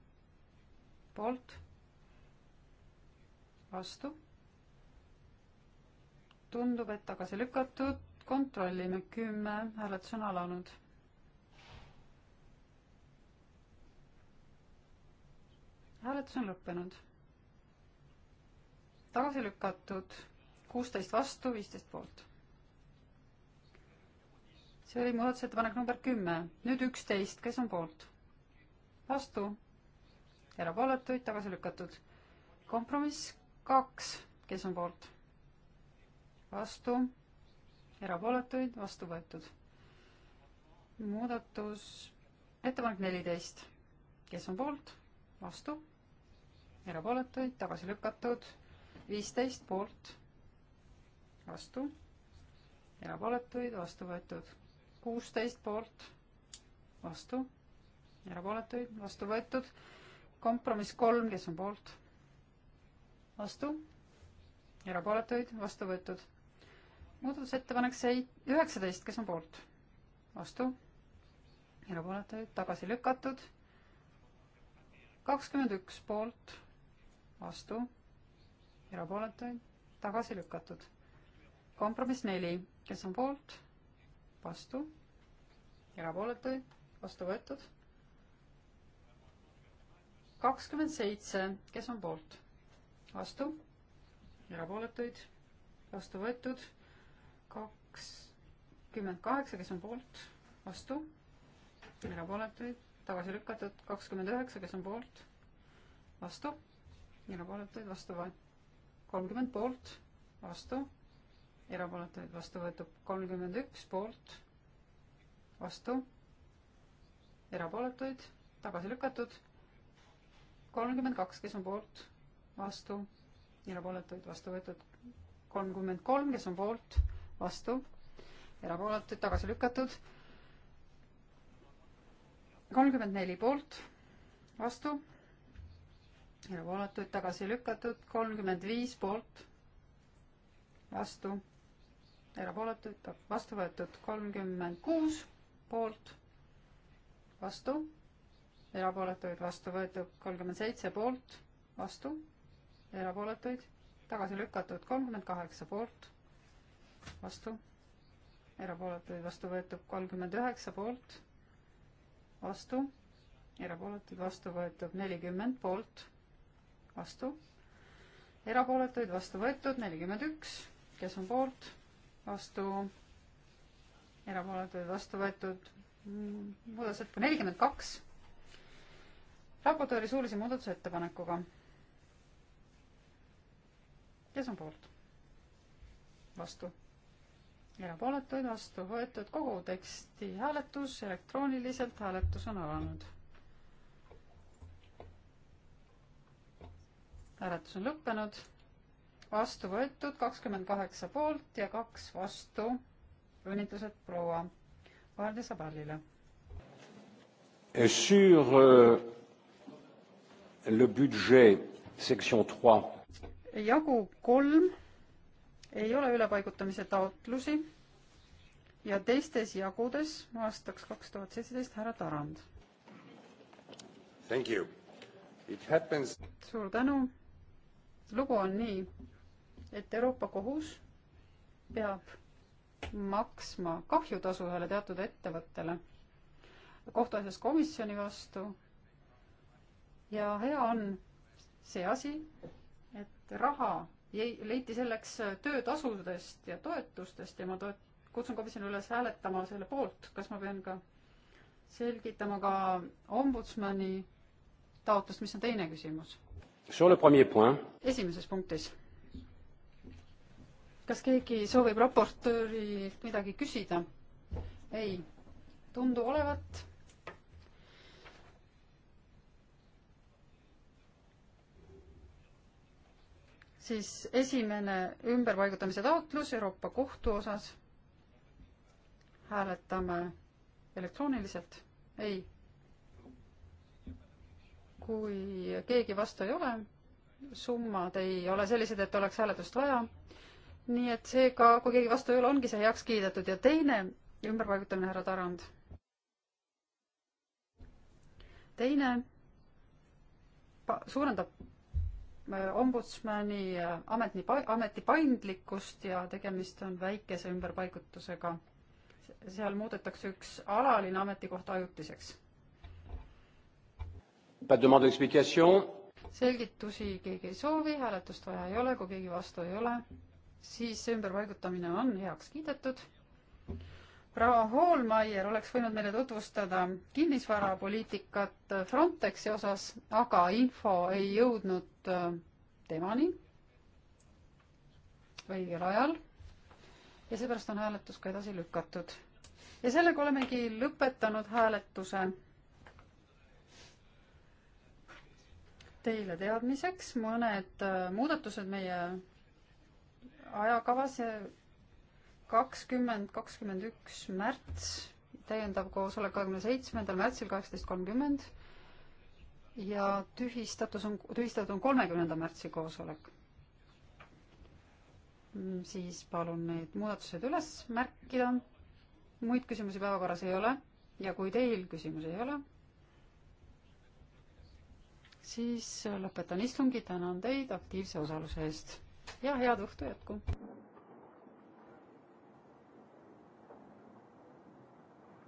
poolt, vastu. tundub, et tagasi lükatud, kontrollime kümme, hääletus on alanud hääletus on lõppenud. tagasi lükatud kuusteist vastu, viisteist poolt. see oli muudatusettepanek number kümme, nüüd üksteist, kes on poolt? vastu, erapooletuid, tagasi lükatud. kompromiss kaks, kes on poolt? vastu, erapooletuid, vastu võetud. muudatus, ettepanek neliteist, kes on poolt? vastu, erapooletuid, tagasi lükatud, viisteist poolt, vastu, erapooletuid, vastu võetud, kuusteist poolt, vastu, erapooletuid, vastu võetud, kompromiss kolm, kes on poolt, vastu, erapooletuid, vastu võetud, muudatusettepanek sei-, üheksateist, kes on poolt, vastu, erapooletuid, tagasi lükatud kakskümmend üks poolt, vastu, erapooletuid tagasi lükatud. kompromiss neli, kes on poolt, vastu, erapooletuid vastu võetud. kakskümmend seitse, kes on poolt, vastu, erapooletuid vastu võetud. kakskümmend kaheksa, kes on poolt, vastu, erapooletuid tagasi lükatud. kakskümmend üheksa, kes on poolt, vastu erapooletuid vastu võetud kolmkümmend poolt, vastu, erapooletuid vastu võetud kolmkümmend üks poolt, vastu, erapooletuid tagasi lükatud, kolmkümmend kaks, kes on poolt, vastu, erapooletuid vastu võetud kolmkümmend kolm, kes on poolt, vastu, erapooletuid tagasi lükatud, kolmkümmend neli poolt, vastu erapooletuid tagasi lükatud, kolmkümmend viis poolt, vastu, erapooletuid vastu võetud, kolmkümmend kuus poolt, vastu, erapooletuid vastu võetud, kolmkümmend seitse poolt, vastu, erapooletuid tagasi lükatud, kolmkümmend kaheksa poolt, vastu, erapooletuid vastu võetud, kolmkümmend üheksa poolt, vastu, erapooletuid vastu võetud, nelikümmend poolt vastu, erapooletuid vastu võetud nelikümmend üks, kes on poolt, vastu, erapooletuid vastu võetud muudatusettepanek nelikümmend kaks, raportööri suulise muudatusettepanekuga. kes on poolt? vastu erapooletuid vastu võetud kogu teksti hääletus elektrooniliselt, hääletus on alanud hääletus on lõppenud, vastu võetud kakskümmend kaheksa poolt ja kaks vastu. õnnitlused proua Vaarde Sabalile. Sur euh, le budget section trois. jagu kolm ei ole ülepaigutamise taotlusi ja teistes jagudes aastaks kaks tuhat seitseteist härra Tarand. suur tänu lugu on nii, et Euroopa Kohus peab maksma kahjutasu ühele teatud ettevõttele kohtuasjas komisjoni vastu. ja hea on see asi, et raha leiti selleks töötasudest ja toetustest ja ma toet-, kutsun komisjoni üles hääletama selle poolt, kas ma pean ka selgitama ka ombudsmani taotlust, mis on teine küsimus esimeses punktis. kas keegi soovib raportöörilt midagi küsida? ei, tundu olevat. siis esimene ümberpaigutamise taotlus Euroopa Kohtu osas. hääletame elektrooniliselt. ei kui keegi vastu ei ole, summad ei ole sellised, et oleks hääletust vaja. nii et seega, kui keegi vastu ei ole, ongi see heaks kiidetud ja teine ümberpaigutamine, härra Tarand. teine suurendab äh, ombudsmani äh, ameti, ameti paindlikkust ja tegemist on väikese ümberpaigutusega. seal muudetakse üks alaline ametikoht ajutiseks selgitusi keegi ei soovi, hääletust vaja ei ole, kui keegi vastu ei ole, siis ümberpaigutamine on heaks kiidetud. proua Hoolmeier oleks võinud meile tutvustada kinnisvarapoliitikat Frontexi osas, aga info ei jõudnud äh, temani õigel ajal. ja seepärast on hääletus ka edasi lükatud. ja sellega olemegi lõpetanud hääletuse teile teadmiseks mõned äh, muudatused meie ajakavas. kakskümmend, kakskümmend üks märts, täiendav koosolek kahekümne seitsmendal märtsil kaheksateist kolmkümmend ja tühistatus on, tühistatud on kolmekümnenda märtsi koosolek. Mm, siis palun need muudatused üles märkida. muid küsimusi päevakorras ei ole ja kui teil küsimusi ei ole siis lõpetan istungi, tänan teid aktiivse osaluse eest ja head õhtu jätku!